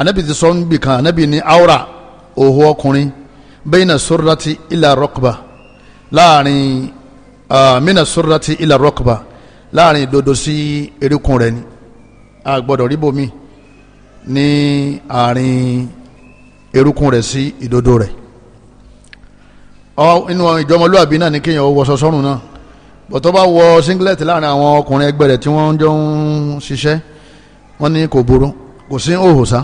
anabi ti sọ ń bì kan anabi ní aura òhò ọkùnrin bẹ́ẹ̀nà sọ́rọ́tì ilà rọ́kùbà láàrin mẹ́nà sọ́rọ́tì ilà rọ́kùbà láàrin dodo sí erékùn rẹ̀ ni a gbọ́dọ̀ rí bòmíì ní àárín erukun rẹ̀ sí ìdodo rẹ̀ inú ìjọmọlúwàbí náà ní kéèyàn wọṣọ sọ́run náà bọ̀tọ́ bá wọ singlet láàrin àwọn ọkùnrin ẹgbẹ́ rẹ̀ tí wọ́n jọ ń ṣiṣẹ́ wọ́n ní kò burú kò sí òhòsá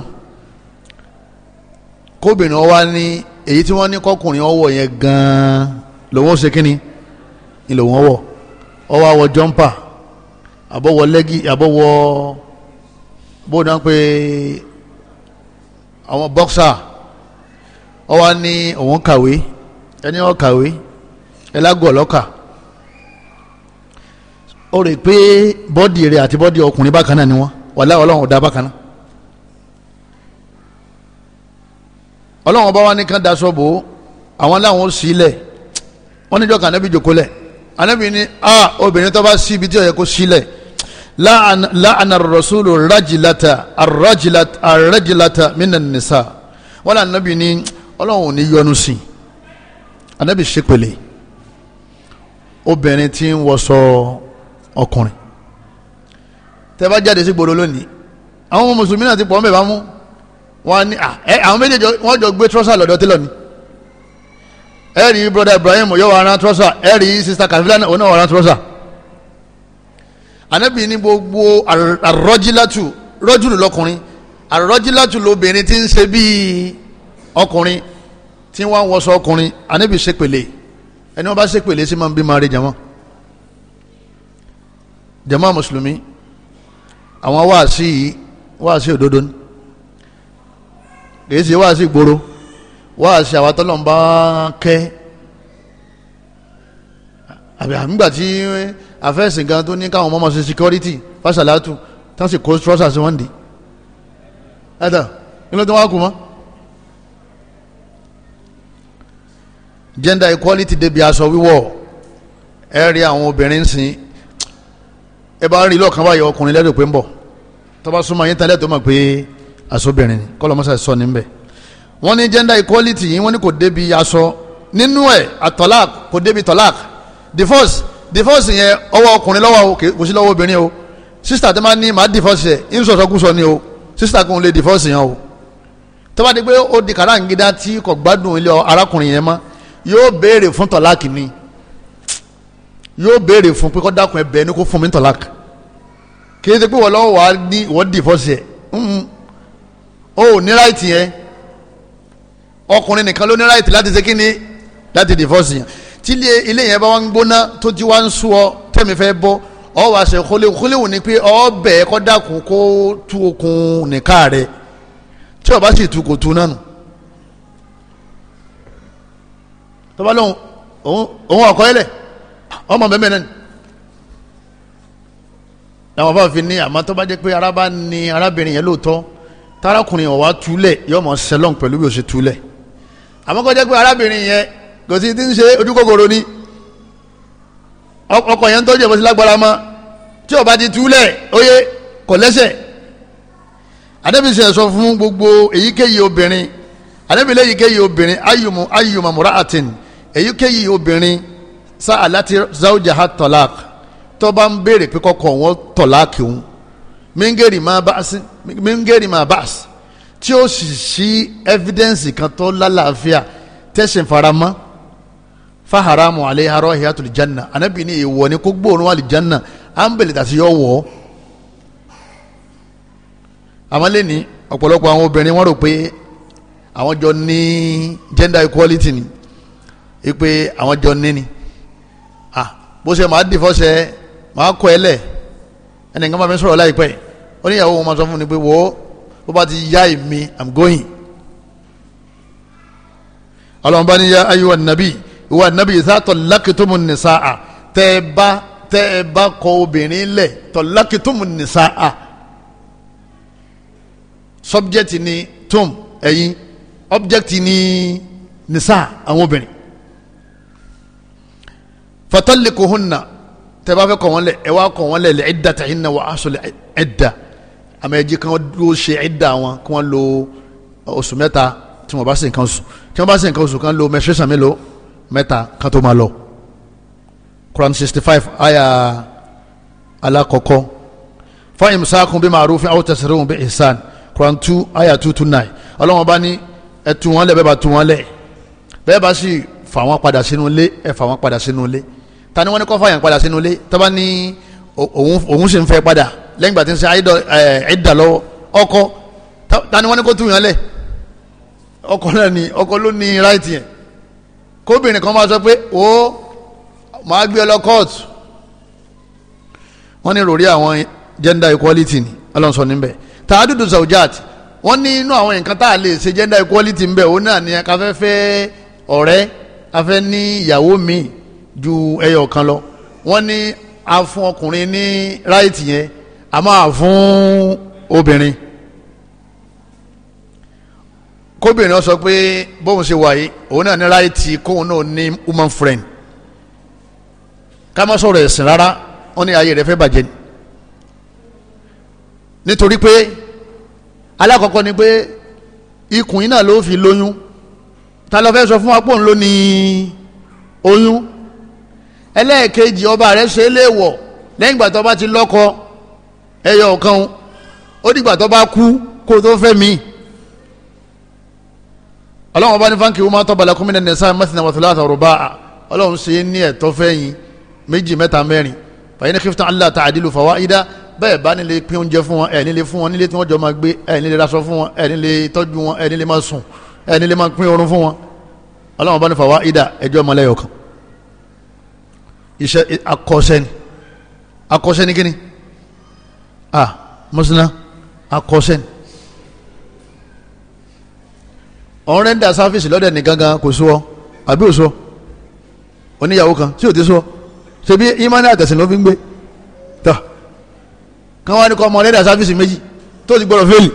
kóbìnrin wa ní èyí tí wọ́n ní kọkùnrin ọwọ́ yẹn gan-an lòun ó ṣe kínni ni lòun ọwọ́ ọwọ́ àwọ̀ jọ́mpà àbọ̀wọ̀ lẹ́gì àbọ̀wọ̀ bó náà pé àwọn bọ́ksà ọ wá ní òun kàwé ẹni ọ kàwé ẹlágọ̀ lọ́kà ó rè pé bọ́dì rẹ̀ àti bọ́dì ọkùnrin bákan náà ni wọ́n wàláhí ọlọ́run ọ̀dà bákan náà ọlọ́run ọba wa ní kán daṣọ bò ó àwọn làwọn ò sílẹ̀ wọ́n níjọ́ kan anábì jòkó lẹ̀ anábì ní a ah, obìnrin tó bá sí ibi tí ó yẹ kó sílẹ̀ láàánà rasúlù rájìláta àrájìláta mínà nìsa wọn là nàbì ní ọlọ́run ò ní yọ́nú sí i ànábì ṣépele obìnrin tí ń wọṣọ ọkùnrin tẹ́ bá jáde sí gbòòrò lónìí àwọn mùsùlùmí náà ti pọ̀ ń bẹ̀ bá mú wọn ní àwọn méjèèjì wọn jọ gbé trọ́sà lọ́dọ̀ tẹ́lọ̀ ni ẹ rí broda Ibrahim yóò wá rán trọ́sà ẹ rí sista Kàfílà òun náà wá rán trọ́sà anabi ní gbogbo arọjilatu rọjulu lọkùnrin arọjilatu lobìnrin tí ń ṣe bíi ọkùnrin tí wọn wọṣọ ọkùnrin anabi ṣépèlé ẹni wọn bá ṣépèlé sí máa ń bí máa rí jama jama mùsùlùmí àwọn wáàsí yìí wáàsí òdodo ni kìí ṣe wáàsí ìgboro wáàsí àwọn tọ́lọ́mbà kẹ́ àbí àmì gbà tí àfẹ́sìn gan tó ní káwọn ọmọ ọmọ ṣe security fásitì tán sì kó trọ́sà sí wọ́n dì ẹ̀dà nílò tó wá kù mọ́. gender equality débi aṣọ wíwọ̀ ẹ rí àwọn obìnrin sìn ẹ bá rí lọ́ọ̀kan báyọ̀ ọkùnrin lẹ́rù pé ń bọ̀ tọ́ba súnmọ́ yín tẹ́lẹ̀ tó mọ̀ pé aṣọ́bìnrin ni kọ́lọ́mọ́sá sọ níbẹ̀ wọ́n ní gender equality yìí wọ́n ní kò débi aṣọ nínú ẹ̀ àtọ́lák kò débi tọ́lák divorce divorce yẹn ọwọ́ ọkùnrin lọ́wọ́ kò sí lọ́wọ́ obìnrin o sista tó máa ní màá divorce yẹ ìsọsọkúsọ ni o sista kò lè divorce yẹn o tó bá di pé ó di kàràǹgídá tí kò gbádùn ilé arákùnrin yẹn mọ́ yóò béèrè fún tọ́láàkì ni yóò béèrè fún pé kó dákun ẹ̀bẹ̀ ni kó fún mi tọ́láàkì kì í ṣe pé wọ́n lọ́wọ́ wàá ní wọ́n divorce yẹ o ò ní ráìtì yẹn ọkùnrin nìkan ló ní ráìtì láti ṣe kí ni láti divorce yẹn tí ilé yẹn bá wá ń gbóná tó ti wá ń sú ọ tẹ́mi fẹ́ bọ́ ọ wá ṣe kólé kólé wò ni pé ọ bẹ̀ ẹ́ kọ́ dákun kó tú okùn nìka rẹ tí o bá sì tu kò tu nánu tó bá lóhùn òun ọkọ ẹlẹ ọmọ bẹ́ẹ̀ mẹ́rin làwọn bá fi ní àmọ́ tó bá jẹ́ pé araba ni arábìnrin yẹn lóòótọ́ tarakùnrin ọ̀wá túlẹ̀ yọmọ sẹlọ̀n pẹ̀lú bí o ṣe túlẹ̀ àmọ́ kó jẹ́ pé arábìnrin yẹn kò tí ti ń ṣe ojú kòkòrò ni ọkọ̀ yẹn ń tọ́jú lágbára ma tí ó bá ti túlẹ̀ oyè kò lẹ́sẹ̀ adébísẹ̀ fún gbogbo èyíkéyìí obìnrin adébílẹ̀ èyíkéyìí obìnrin obìnrin sa aláti tọ́lák ń béèrè pé kọ́kọ́ evidence kan tó lálàáfíà tẹ̀sán faharamu aleha rahiyatul janna anabi ni ìwọ ni kó gbóòórùn alijanna à ń bèlè tàbí yọ wọ. àmọ́ lẹ́ni ọ̀pọ̀lọpọ̀ àwọn obìnrin wọ́n rò pé àwọn jọ ní gender equality ni ipe àwọn jọ ní ni ah bó ṣe máa dì fọ́ṣẹ máa kọ ẹ lẹ̀ ẹnì kan bá mi sọ̀rọ̀ láìpẹ́ ó ní ìyàwó wọn máa sọ fún mi pé wò ó ti yá èmi i'm going. ọlọ́run bá ní yá ayé wa nàbí ìwà nàbí ìsàtọ̀ lákìtùmù nìsáà tẹ́ ẹ bá tẹ́ ẹ bá kọ obìnrin lẹ̀ tọ̀ lákìtùmù nìsáà subject ni tum ẹ̀yin object ni nìsáà àwọn obìnrin fatalikuhunna tẹ́ ẹ bá fẹ́ kọ̀ wọ́n lẹ̀ ẹ wá kọ̀ wọ́n lẹ̀ lẹ̀ ẹ̀dá tẹ̀yìnà wà á sọ lẹ̀ àmọ́ ẹ̀jẹ̀ kan ló ṣe ẹ̀dá wọn kí wọ́n lo oṣù mẹ́ta tí wọ́n bá ṣe nǹkan oṣù tí wọ́n bá ṣe nǹkan oṣù kan lo menstruation mélòó mẹ́ta kan tó máa lọ Quran sixty five aya alakọ̀kọ́ fáyìm sáàkùn bi màrúfin aw tasirihun bi ihsan Quran two aya two two nine ọlọ́wọ́n bá ní ẹ tú wọn lẹ̀ bẹ́ẹ̀ bá tú wọn lẹ̀ bẹ́ẹ̀ bá sì fà wọn padà sínú ilé ẹ fà wọn padà sínú ilé ta ni wọ́n ní kó fàyàn padà sínú ilé tọ́ba ní òun òun sì ń fẹ́ padà lẹ́yìn ìgbà tí ń ṣe ẹ̀ẹ́dà lọ́wọ́ ọkọ ta ni kó tú yàn lẹ̀ ọkọ náà ni ọkọ ló ní ráìtì yẹn kóbìnrin kan máa sọ pé ó máa gbé ọ lọ kóòtù wọ́n ní ròrí àwọn gender equality ni ọlọ́run sọ níbẹ̀ tààdùdù zawjat wọ́n ní inú àwọn nǹkan tá a lè ṣe gender equality níbẹ̀ òun náà ni káfẹ́ fẹ́ ọ̀rẹ́ káfẹ́ ní ìyàwó mi ju ẹyọ kan lọ wọ́n ní a fún ọkùnrin ní ráìtì yẹn a máa fún obìnrin kóbìnrin sọ pé bóun ṣe wà yìí òun náà ní ráìtì kóun náà ní woman friend ká má sọ̀rọ̀ ẹ̀sìn rárá wọ́n ní ayé rẹ̀ fẹ́ bàjẹ́ ni nítorí pé alákọ̀ọ́kọ́ ni pé ikùn yìí náà ló fi lóyún ta ló fẹ́ sọ fún wa pé òun ló ní oyún ẹlẹ́ẹ̀kejì ọba rẹ̀ ṣe é léèwọ̀ lẹ́yìn ìgbà tó bá ti lọ́kọ ẹyọ ọ̀kan ó dìgbà tó bá kú kó tó fẹ́ mi ọlọ́run bá ní fáńkì wọ́n máa tọ́ balẹ̀ kúmínà nìsa mẹ́sìnà wàtúlá àtàrúbá ọlọ́run ṣe ní ẹ̀tọ́ fẹ́yìn méjì mẹ́ta mẹ́rin fàyínà kíftà allah ta'adilu fawaida bẹ́ẹ̀ bá nílé pín oúnjẹ fún wọn ẹ̀ nílé fún wọn nílé tí wọ́n jọ máa gbé ẹ̀ nílé raṣọ fún wọn ẹ̀ nílé tọ́jú wọn ẹ̀ máa sùn ẹ̀ máa pín oorun fún wọn ọlọ́run bá ní fawaida ẹjọ́ mọ́lẹ́yọ̀ kan iṣẹ́ akọ́ṣẹ́ni akọ́ṣẹ́ni kíni ah mọ́sánná akọ́ṣẹ́ni ọ̀n rẹ́ńdà sáfíìsì lọ́dẹ̀ ní gangan kò sọ àbí ò sọ oníyàwó kan tí ò ti sọ ṣebí imani àtẹ̀sìn ló fi ń gbé tọ́ káwọn ẹni kọ́ ọmọ rẹ́ńdà sáfíìsì méjì tó ti gbọ́dọ̀ fẹ́lì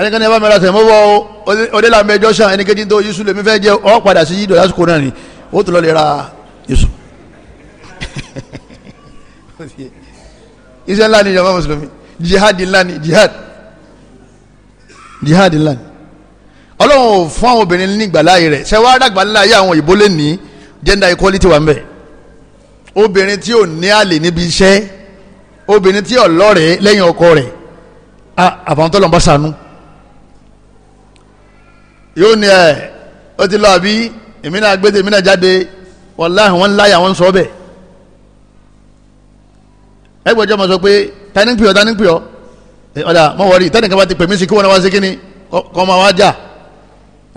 ẹnikẹ́ni ẹ bá mẹ́ra tẹ̀ mọ́wọ́ ọdẹ́làmẹ́ jọ́sán ẹnikẹ́ni tó yusuf lèmi fẹ́ jẹ́ ọ padà sí yídọ̀ lásìkò náà ni ó tún lọ lè ra yusuf [LAUGHS] iṣẹ́ ńlá ni ìjọba mùsùlùmí jihad ńlá ni jihad jihad ńlá ni ọlọ́run ò fún àwọn obìnrin nígbà láàyè rẹ̀ ṣe wá dàgbà ńlá ayé àwọn òyìnbó lè ní gender equality wà ń bẹ̀ obìnrin tí ò ní àlè níbi iṣẹ́ obìnrin tí ò lọ́rẹ̀ẹ́ lẹ́yìn ọkọ rẹ̀ àbáwọn tọ́lọ̀ ń bá sànú yóò ní ẹ ó ti lọ àbí èmi náà gbé tèmi náà jáde wàláhì wọn láyà wọn sọ bẹ́ẹ̀ ẹgbẹ́jọ́ mọ̀ sọ pé tani ń tani ń Eh, ọ̀dà mọ̀ wọ̀rí tẹ́nìkan bá ti pè mí sí kí wọ́n wá sí kíní kọ́ máa wá jà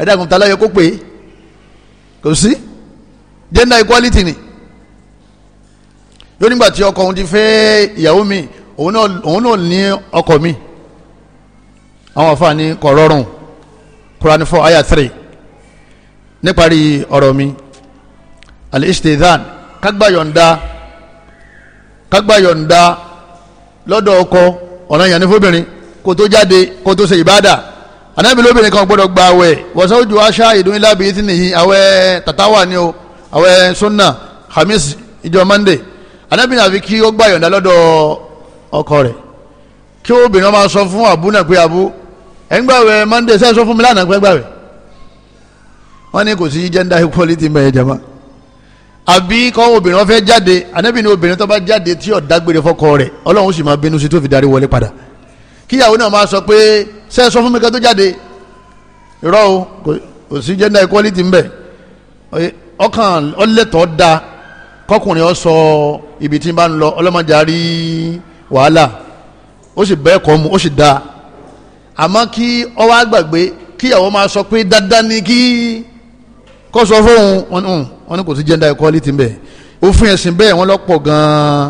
ẹ̀dá àgùntàn aláyọ kó pè é kò sí gender equality ni lónìí gbà tí ọkọ òun ti fẹ́ ìyàwó mi òun náà òun náà ní ọkọ mi àwọn àfààní kò rọrùn Quran four ayah three níparí ọ̀rọ̀ mi al-istidhan kágbáyọ̀ǹda kágbáyọ̀ǹda lọ́dọ̀ ọkọ ọ̀nà yẹn ni fóbìnrin kó tó jáde kó tó ṣe ìbádà anábì lóbìnrin kan gbọ́dọ̀ gba àwẹ̀ wọ́sọ̀ ojú aṣá ìdúnilá bíi ti nìyí àwẹ̀ tàtàwà ni o àwẹ̀ sunna khamis ìjọ monday anábì náà fi kí ó gbà yọ̀ǹda lọ́dọ̀ ọkọ rẹ̀ kí obìnrin máa sọ fún àbú náà pé àbú ẹ̀ ń gbàwẹ̀ monday sẹ́ẹ̀ sọ fún mi lánàá pé gbàwẹ̀ wọ́n ní kò sí gender equality mẹ́ẹ̀ẹ́ jẹ́ àbí kọ́ obìnrin fẹ́ jáde ànábì ni obìnrin tó bá jáde tí ó dágbére fọ́kọ rẹ̀ ọlọ́run sì máa bínú sí tó fi darí wọlé padà kíyàwó náà máa sọ pé ṣe é sọ fún mi kan tó jáde irọ́ o kò sí gender equality ń bẹ ọkàn ọlẹ́tọ̀ọ́ da kọkùnrin ọ sọ ibi tí n bá ń lọ ọlọ́mọdé àrí wàhálà ó sì bẹ́ẹ̀ kọ́ mu ó sì da àmọ́ kí ọwọ́ àgbàgbé kíyàwó máa sọ pé dandan ni kí kọ́ sọ fóun wọn ní wọn ní kò sí gender equality bẹ́ẹ̀ òfin ẹ̀sìn bẹ́ẹ̀ wọ́n lọ́pọ̀ gan-an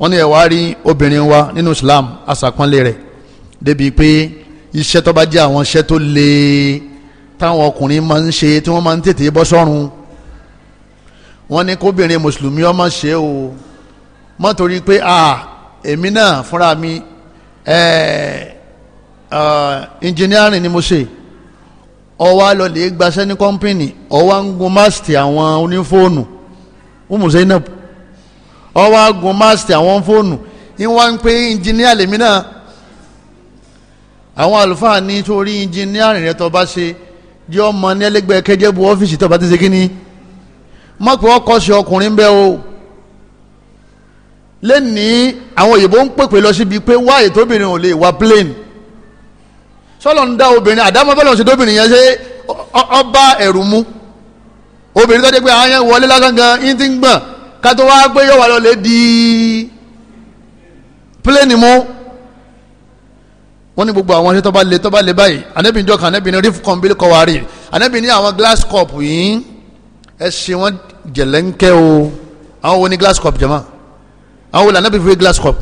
wọ́n ní ẹ̀wá rí obìnrin wa nínú Islam asàpọ́nlé rẹ̀ débi pé iṣẹ́ tó bá jẹ́ àwọn iṣẹ́ tó le táwọn ọkùnrin máa ń ṣe tí wọ́n máa ń tètè bọ́ sọ́run wọ́n ní kóbìnrin mùsùlùmí ọmọ ṣe o mọ́ torí pé a èmi náà fúnra mi engineering ni mo ṣe ọwọ́ lọ lè gbaṣẹ́ ní kọ́ńpìnì ọwọ́ ń gun máàsì àwọn onífóònù umu zainab ọwọ́ gun máàsì àwọn fóònù ní wọ́n ń pè ìnjìníà lèmi náà àwọn àlùfáà ní torí ìnjìníà rìn rẹ tó bá ṣe jẹ́ ọmọ ní ẹlẹ́gbẹ́ kẹjẹ́ bu ọ́fíìsì tó bá ti ṣe kí ni mọ̀ pé ọkọ̀ ṣe ọkùnrin bẹ́ẹ̀ o lẹ́nìí àwọn òyìnbó ń pèpè lọ síbi pé wáyé tóbìnrin ò lè wá plane sọlọ ń dá obìnrin àdámọ́ bọ́lọ̀ ṣe tóbìnrin yẹn ṣe ọba ẹ̀rù mu obìnrin tó dé pé àwọn yẹn wọlé lásán gan yín ti ń gbọ̀n ká tó wá pé yọ̀wá lọ lè di pílẹ́ẹ̀nì mú wọ́n ní gbogbo àwọn ṣe tó bá le tó báyìí ànábì ń jọkàn ànábì ní kọ́ wa rí àwọn glass cup yìí ẹ ṣe wọ́n jẹ̀lẹ́ńkẹ́ o àwọn wo ni glass cup jẹ̀mọ́ àwọn wo ni ànábì fi glass cup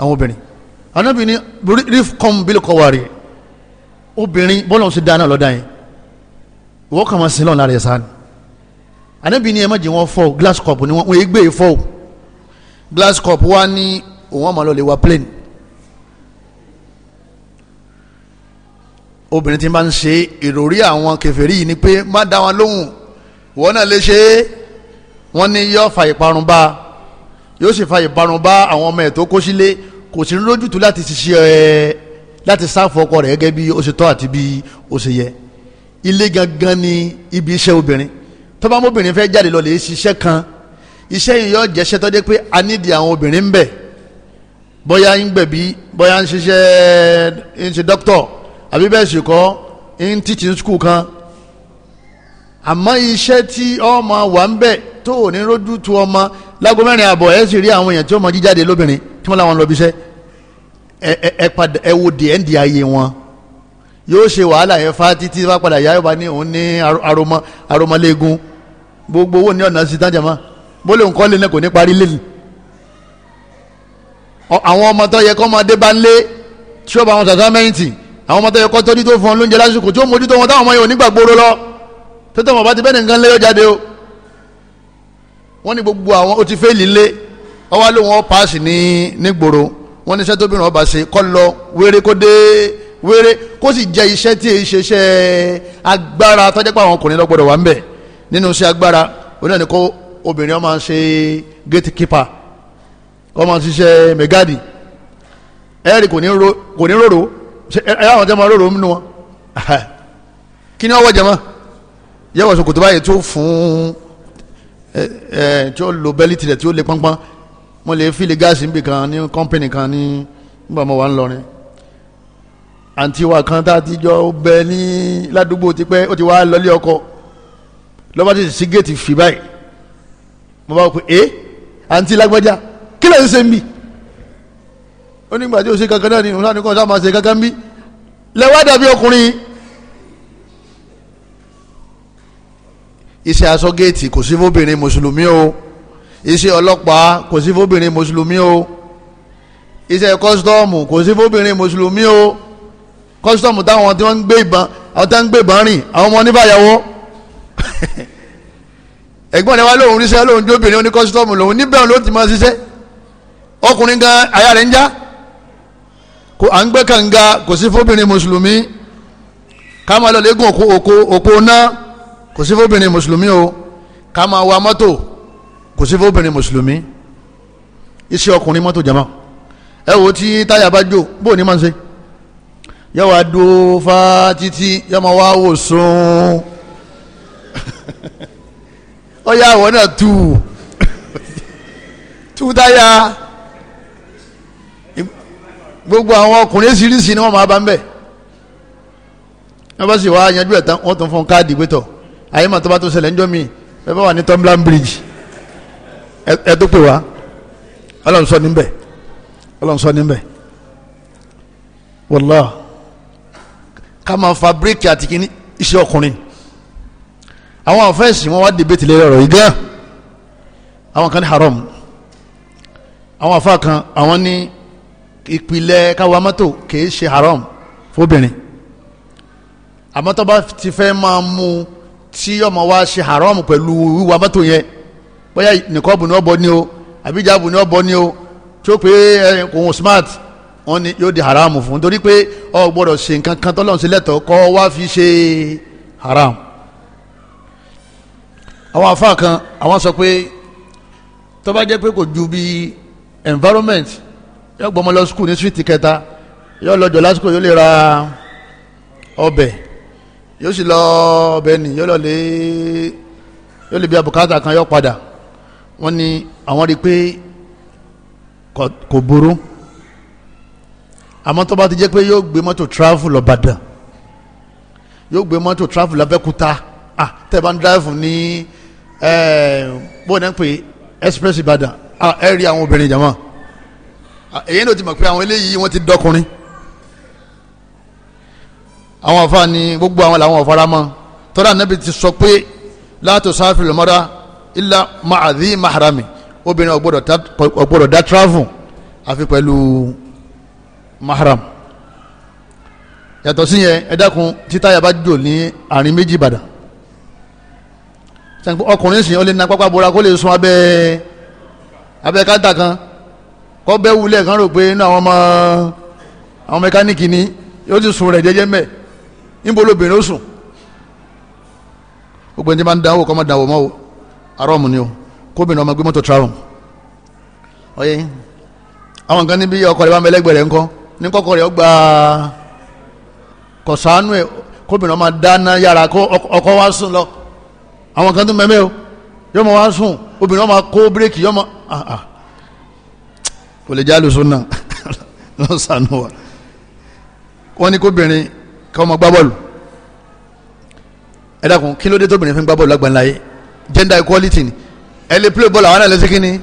àwọn obìnrin ànábì ní ríf kan kọ́ wa obìnrin bọ́lá ọ̀sẹ̀ dáná lọ́dá yẹn ìwọ́ kàn máa sin lọ́nà rẹ̀ sáà ni ànábì ni ẹ má jẹ́ wọn fọ́ glass cup ni wọ́n èé gbé e fọ́ glass cup wa ní òun àmọ́ lọ́ọ́ lè wa plane obìnrin ti máa ń ṣe ìròrí àwọn kèfèrí yìí ni pé má dá wọn lóhùn ìwọ náà lè ṣe é wọ́n ní yóò fa ìparun bá yóò sì fa ìparun bá àwọn ọmọ ẹ̀ tó kó sílé kò sí lójútùú láti ṣiṣẹ́ ẹ̀ láti sáfù ọkọ rẹ̀ gẹ́gẹ́ bí ó ṣe àti bí ó ilé gangan ni ibi iṣẹ́ obìnrin tó bá mọ́bìnrin fẹ́ jáde lọ lè ṣiṣẹ́ kan iṣẹ́ yìí yọ jẹ́ṣẹ́ tó jẹ́ pé a nídìí àwọn obìnrin ń bẹ̀ bóyá ń gbẹ̀bí bóyá ń ṣiṣẹ́ ń ṣe dókítọ̀ àbí bẹ́ẹ̀ sì kọ́ ń teaching school kan àmọ́ iṣẹ́ tí ọmọ wà ń bẹ̀ tó ò ní rójú tu ọmọ lágọ́ mẹ́rin àbọ̀ ẹ̀ sì rí àwọn èèyàn tí ó mọ jíjáde lóbìnrin tí wọ́n láwọn lọ bí iṣẹ́ ẹ padà ẹ wo di ẹ̀ ń di ayé wọn yóò ṣe wàhálà yẹn fa títí bá padà yá yorùbá ní òun ní aromọ aromọléegun gbogbo owó ní ọ̀nà sí tájà mọ́ bó lóun kọ́ lé náà kò ní parí lé ni àwọn ọmọ tó yẹ kọ́ máa dé bá ń lé tí ó bá wọn sàtọ́ mẹ́yìntì àwọn ọmọ tó yẹ kọ́ tọ́jú tó fún ọ lóúnjẹ lásìkò tí ó mójútó wọn táwọn ọmọ yẹn ò ní gbàgbóró lọ tó tẹ̀ bá ti bẹ́ẹ̀ nìkan lé yóò jáde o wọ́n ní gbogbo àwọn ó ti fẹ́ẹ̀lì lé ọwọ́ lóun ọ paasi ní nígboro wọ́n ní iṣẹ́ tóbìnrin ọba ṣe kọ́ lọ wéré kó dé wéré kó sì jẹ́ iṣẹ́ tí èyí ṣe iṣẹ́ agbára tọ́jẹ́ pé àwọn ọkùnrin lọ́gbọ́dọ̀ wà ń bẹ̀ nínú iṣẹ́ agbára onídàá ni kó obìnrin ọmọ ṣe gatekeeper kọ́ máa ṣiṣẹ́ mẹ́gàdì ẹ̀rì kò ní rorò ẹ̀rọ àwọn tẹ́ máa rorò nínú wọn [LAUGHS] kí ni ọwọ́ jẹ mọ́ yẹ́wọ̀ sọ kòtò báyìí tó fún ẹ̀ ẹ̀ tí ó lo bẹ́lí tirẹ̀ tí ó le pọ́npọ́n mo lè fílì gáàsì níbi kan ní kọ́ńpìnì kan ní nígbà mo wà ń lọrin àǹtí wa kan tá a ti jọ bẹ ní ládùúgbò ti pẹ́ ó ti wá lọlé ọkọ lọ́ba ti sí géètì fì báyìí mo bá wọ pé ẹ àǹtí lágbájá kí lè ń ṣe ń ó nígbà tí o ṣe kankan náà ni òun náà ní kò sáà máa ṣe kankan bí lẹ́wọ́ dàbí ọkùnrin iṣẹ́ aṣọ géètì kò sí fóbìnrin mùsùlùmí o iṣẹ́ ọlọ́pàá kò sí fóbìnrin mùsùlùmí o iṣẹ́ kọ́sítọ́ọ̀mù kò sí fóbìnrin mùsùlùmí o kọ́sítọ́ọ̀mù táwọn tí wọ́n ń gbé ìbọn àwọn tí wọ́n ń gbé ìbọn rìn àwọn ọmọ oníbàyàwó [LAUGHS] ẹ̀gbọ́n rẹ̀ wá lóhun ríṣẹ́ lóhun jóbìnrin oní kọ́sítọ́ọ̀mù lòun níbẹ̀ ló ti máa ṣiṣẹ́ ọkùnrin gan aya rẹ̀ ń já kò à ń gbé kànga kò sí fóbìnrin mùsùlùmí ká máa lọ lẹ́gùn òkú òkú ná kò sí fóbìnrin mùsùlùmí o ká máa wa mọ́tò kò sí fóbìnrin mùsùlùmí iṣẹ́ ọkùnrin mọ́tò jama ẹ wo tí táyà bá jó bó o ní máa ń ṣe yóò wá dúró fa títí yóò máa wá wò sùn [LAUGHS] ó yá àwọn náà tù [LAUGHS] tù táyà gbogbo àwọn ọkùnrin oríṣiríṣi ni wọ́n máa bá ń bẹ̀ wọ́n bá sì wá yanjú ẹ̀ tán wọ́n tún fún káàdì gbẹ́tọ̀ àyè màtọ́ bá tó ṣẹlẹ̀ mi ẹ bá wà ní tumbler bridge ẹ tó pè wá ọlọ́run sọ níbẹ̀ ọlọ́run sọ níbẹ̀ wàlá ká máa fa bíríkì àti kíní iṣẹ́ ọkùnrin àwọn àfẹ́sì wọn wá dìbẹ́tì lórí ọ̀rọ̀ yìí gan àwọn kan ní haram àwọn afa kan àwọn ní ìpìlẹ̀ káwa mọ́tò kìí ṣe haram fóbìnrin àmọ́ tó bá ti fẹ́ máa mú tí ọmọ wa ṣe haram pẹ̀lú wíwa mọ́tò yẹn bóyá nìkọ́bù ni ọ̀bọ ni o àbí ìjáàbù ni ọ̀bọ ni o tí ó pé ẹ smart wọn ni yóò di haramu fún torí pé ọ gbọ́dọ̀ ṣe nǹkan kan tọ́lọ́run sí lẹ́tọ̀ọ́ kọ́ wá fi ṣe haram àwọn afa kan àwọn sọ pé tó bá jẹ́ pé kò ju bí environment yóò gbọ́mọ lọ school ní street kẹta yóò lọ jọ lásìkò yóò lè ra ọbẹ̀ yóò sì lọ ọbẹ̀ nì yóò lọ lé yóò lè bí abùkátà kan yóò padà wọ́n ní àwọn rí i pé kò burú àmọ́ tó bá ti jẹ́ pé yóò gbé mọ́tò travel lọ Ìbàdàn yóò gbé mọ́tò travel lọ Abẹ́òkúta ah tẹ́ ẹ bá ń drive ní bóyá pé express Ìbàdàn ah ẹ rí àwọn obìnrin jàmọ́ èyí ló ti mọ̀ pé àwọn eléyìí wọ́n ti dọkùnrin àwọn àfa ni gbogbo àwọn làwọn ọ̀fara mọ́ tọ́lá nẹ́bi ti sọ pé látò sáfì ilà maadi mahrami obìnrin ọ̀gbọ́dọ̀ dá travel àfi pẹ̀lú mahram yàtọ̀ sí yẹn ẹ dákun títáyà bá jò ní àárín méjì Ìbàdàn ọkùnrin sìn ó lè na pápá bora kó lè sun abẹ́ abẹ́ káńtà kan kọ́ bẹ́ wulẹ̀ kan rò pé inú àwọn ọmọ àwọn mẹkáníìkì ni yóò ti sun rẹ̀ jẹ́jẹ́ mẹ́ níbo lóbìnrin ó sùn gbogbo ẹni tí máa ń dánwò kọ́ máa dánwò mọ́ o arọ́ọ̀mù ni o kóbìnrin ọmọ gbé mọ́tò travel ọyẹ àwọn kan níbi ọkọ rẹ bá mẹlẹgbẹ rẹ ńkọ ní kọkọ rẹ ọgbà kọsánú ẹ kóbìnrin ọmọ dáná yàrá kó ọkọ wa sùn lọ àwọn kan tún mẹmẹ o yọmọ wa sùn obìnrin ọmọ kó bírèkì yọmọ ah, ah. kò lè já lùsùn náà lọ sànù wa wọn ní kóbìnrin kọ́ ọmọ gbá bọ́ọ̀lù ẹ dákun kí ló dé tóbìnrin fi gbá bọ́ọ̀lù lágbàńlá gender equality ni ẹ play ball àwọn náà lè ṣe kí ni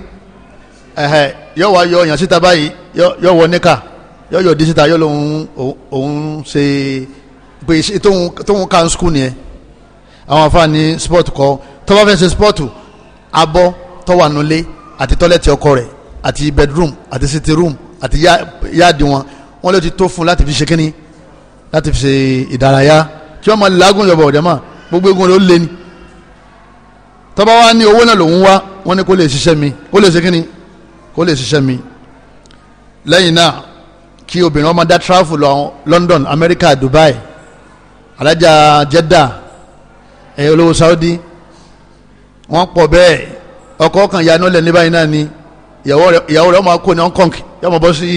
ẹ̀hẹ̀ yóò wá yọ ọyàn síta báyìí yóò wọ níkà yóò yọ dísítà yóò lòun òun ṣe pé ṣe tóun kan school nìyẹn àwọn afáàní sport kọ tó bá fẹ́ ṣe sport abọ́ tó wà nulẹ̀ àti tọ́lẹ̀tì ọkọ rẹ̀ àti bedroom àti sitting room àti yáàdì wọn wọn lè ti tó fún láti fi ṣe kínní láti fi ṣe ìdárayá tí wọ́n máa lágùn yọ̀bọ̀ ọ̀dẹ́mà gbogbo egun rẹ̀ lé ni tọ́ba wa ní owó náà lòún wá wọ́n ní kó lè ṣiṣẹ́ mi kó lè ṣe kí ni kó lè ṣiṣẹ́ mi lẹ́yìn náà kí obìnrin ọmọ dá travel lọ London America Dubai alájà Jeddah ẹ̀yẹ olówó Saudi wọ́n pọ̀ bẹ́ẹ̀ ọkọ kan yanu lẹ̀ ní báyìí náà ni ìyàwó rẹ̀ ọmọ akó ní Hong Kong yọmọ bọ́ sí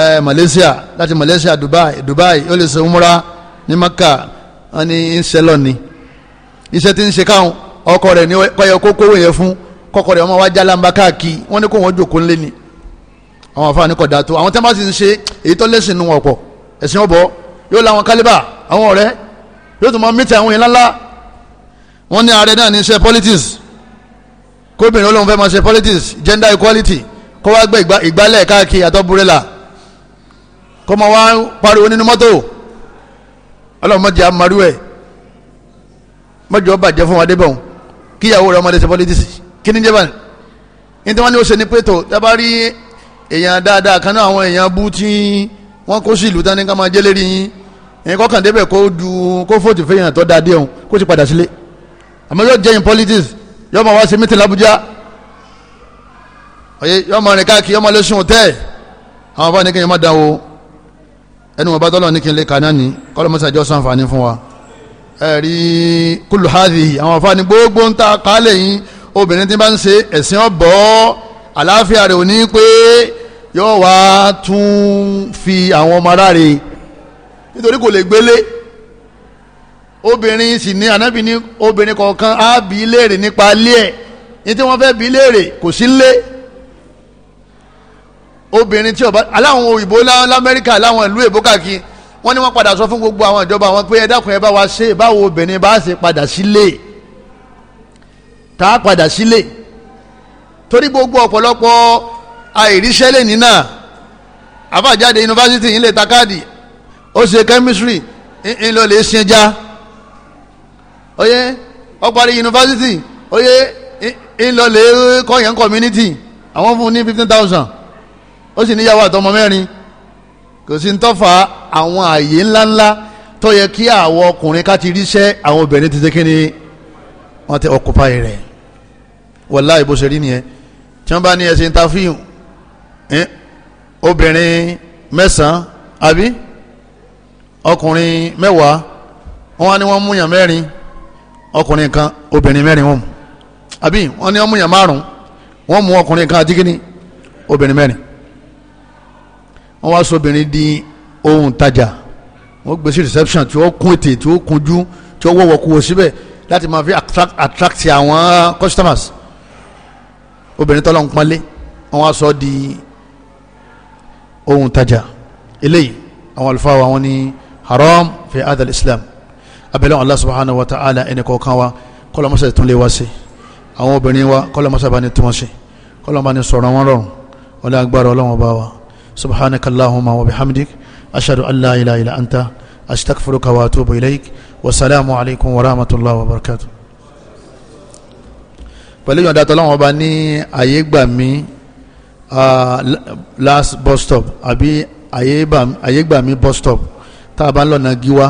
ẹ Malaysia láti Malaysia Dubai Dubai yóò lè ṣe umra ní Maka wọ́n ní ń ṣẹlọ ni iṣẹ́ ń ṣe káwọn ọkọ rẹ̀ ní kọ́yọ kókówó yẹn fún kọ́kọ́ rẹ̀ ọmọ wa já lamba káàkiri wọ́n ní kó wọ́n jòkó ńlẹ́ ni àwọn afáàní kọ̀ dàtó àwọn tẹ́lẹ̀ bá ti ń ṣe èyí tó lẹ́sìn nù wọ̀pọ̀ ẹ̀sìn ọ̀bọ̀ yóò láwọn kálíbà àwọn ọ̀rẹ́ yóò tún mọ mítì àwọn yẹn lálá wọ́n ní ààrẹ náà ní ṣe politics kóbìnrin olóhùn fẹ́ máa ṣe politics gender equality kó wá gbé ìgbálẹ̀ káàkiri àtọ́búrẹ́là kó máa wá pariwo nínú mọ́tò ọlọ́run mọ́jà mariwẹ̀ mọ́jọ́ bàjẹ́ fún wa débọ̀n kíyàwó rẹ̀ ọmọdé ṣe pọ́lítíìsì kí ni jẹ́bà ní tí wọ́n ní ó ṣe ní pétò dábàá rí èèyàn dáadáa kan náà àwọn èèyàn bú tí wọ́n kó sí ìlú tání ká máa jẹ́ lérí yín ẹ̀yin kọ́kàn débẹ̀ kó du kó fòtì fẹ́yàn tó dáadé òun kó sì padà sílé àmọ́ yóò jẹ́yìn politics yóò máa wá sí mítìn l'Abuja òye yóò máa rìn káàkiri yóò máa lé sùn tẹ́ àwọn bá kí n yẹn má dáwọ́ ẹnu wọn bá tọ́lọ̀ ní kí n lè kà náà ní kọ́lọ́mọ́sá ìjọ sàǹfààní fún wa ẹ̀rí kúlù hádìí àwọn afáàní gbogbo ń ta kálẹ̀ yín obìnrin tí bá ń ṣe ẹ̀sìn ọ̀bọ̀ àlàáfíà rẹ̀ ò ní pé yóò wá tún fi àwọn ọmọ ara rẹ̀ nítorí kò lè gbélé obìnrin sì ní anábì ní obìnrin kọ̀ọ̀kan á bí léèrè nípa ilé ẹ̀ ní tí wọ́n fẹ́ bí léèrè kò sí lé obìnrin tí ọba aláwọn òyìnbó láwọn lamẹ́ríkà ìlú èbó káàkiri wọ́n ní wọ́n padà sọ fún gbogbo àwọn ìjọba àwọn pé ẹ dákun ẹ bá wa ṣe báwo obìnrin bá ṣe padà sílé tá a padà sílé torí gbogbo ọ̀pọ̀lọpọ̀ àìríṣẹ́ lè ní náà àfàjáde yunifásitì yìí lè ta káàdì ó ṣe chemistry ń lọ lè sin já oyè ó parí yunifásitì oyè ń lọ lè kọ́ yẹn community àwọn fún ní fifteen thousand ó sì níyàwó àtọmọ mẹ́rin kò sí ntọ́fà àwọn àyè ńláńlá tó yẹ kí àwọn ọkùnrin ká ti ríṣẹ́ àwọn obìnrin ti ṣe kí ni wọ́n ti occupy rẹ̀ wàláhì bó ṣe rí nìyẹn tí wọ́n bá ní ẹsẹ̀ ntàfíù obìnrin mẹ́sàn-án àbí ọkùnrin mẹ́wàá wọ́n á ní wọ́n mú yàn mẹ́rin ọkùnrin kan obìnrin mẹ́rin wọ́n mú àbí wọ́n ní wọ́n mú yàn márùn-ún wọ́n mú ọkùnrin kan àti obìnrin mẹ́rin wọ́n wá sóbìnrin di ohun tajà wọ́n gbé sí reception tí ó kún ètè tí ó kunjú tí ó wọ̀wọ̀ kúwò síbẹ̀ láti máa fi attract attract àwọn customers obìnrin tọ́lọ́ ń pọ́nlé wọ́n wá sọ di ohun tajà eléyìí àwọn àlùfáà wa wọ́n ní haram fi adal islam abẹ́lẹ́ Allah subhanahu wa ta'ala ẹnì kọ̀ọ̀kan wa kọ́lọ́mọ́sẹ̀ tún lè wá sí àwọn obìnrin wa kọ́lọ́mọ́sẹ̀ bá ní tún wọ́n sí kọ́lọ́mọ́ bá ní sọ̀rọ̀ wọn rọrùn wọ́n lé agbára ọlọ́wọ́n bá wa. سبحانك اللهم وبحمدك أشهد أن لا إله إلا أنت أستغفرك وأتوب إليك والسلام عليكم ورحمة الله وبركاته pẹ̀lú ìyọ̀nda tọ́lọ́wọ́n ọba ní ayé gbà mí last bus stop àbí ayé gbà mí bus stop tá a bá ń lọ́nà gíwá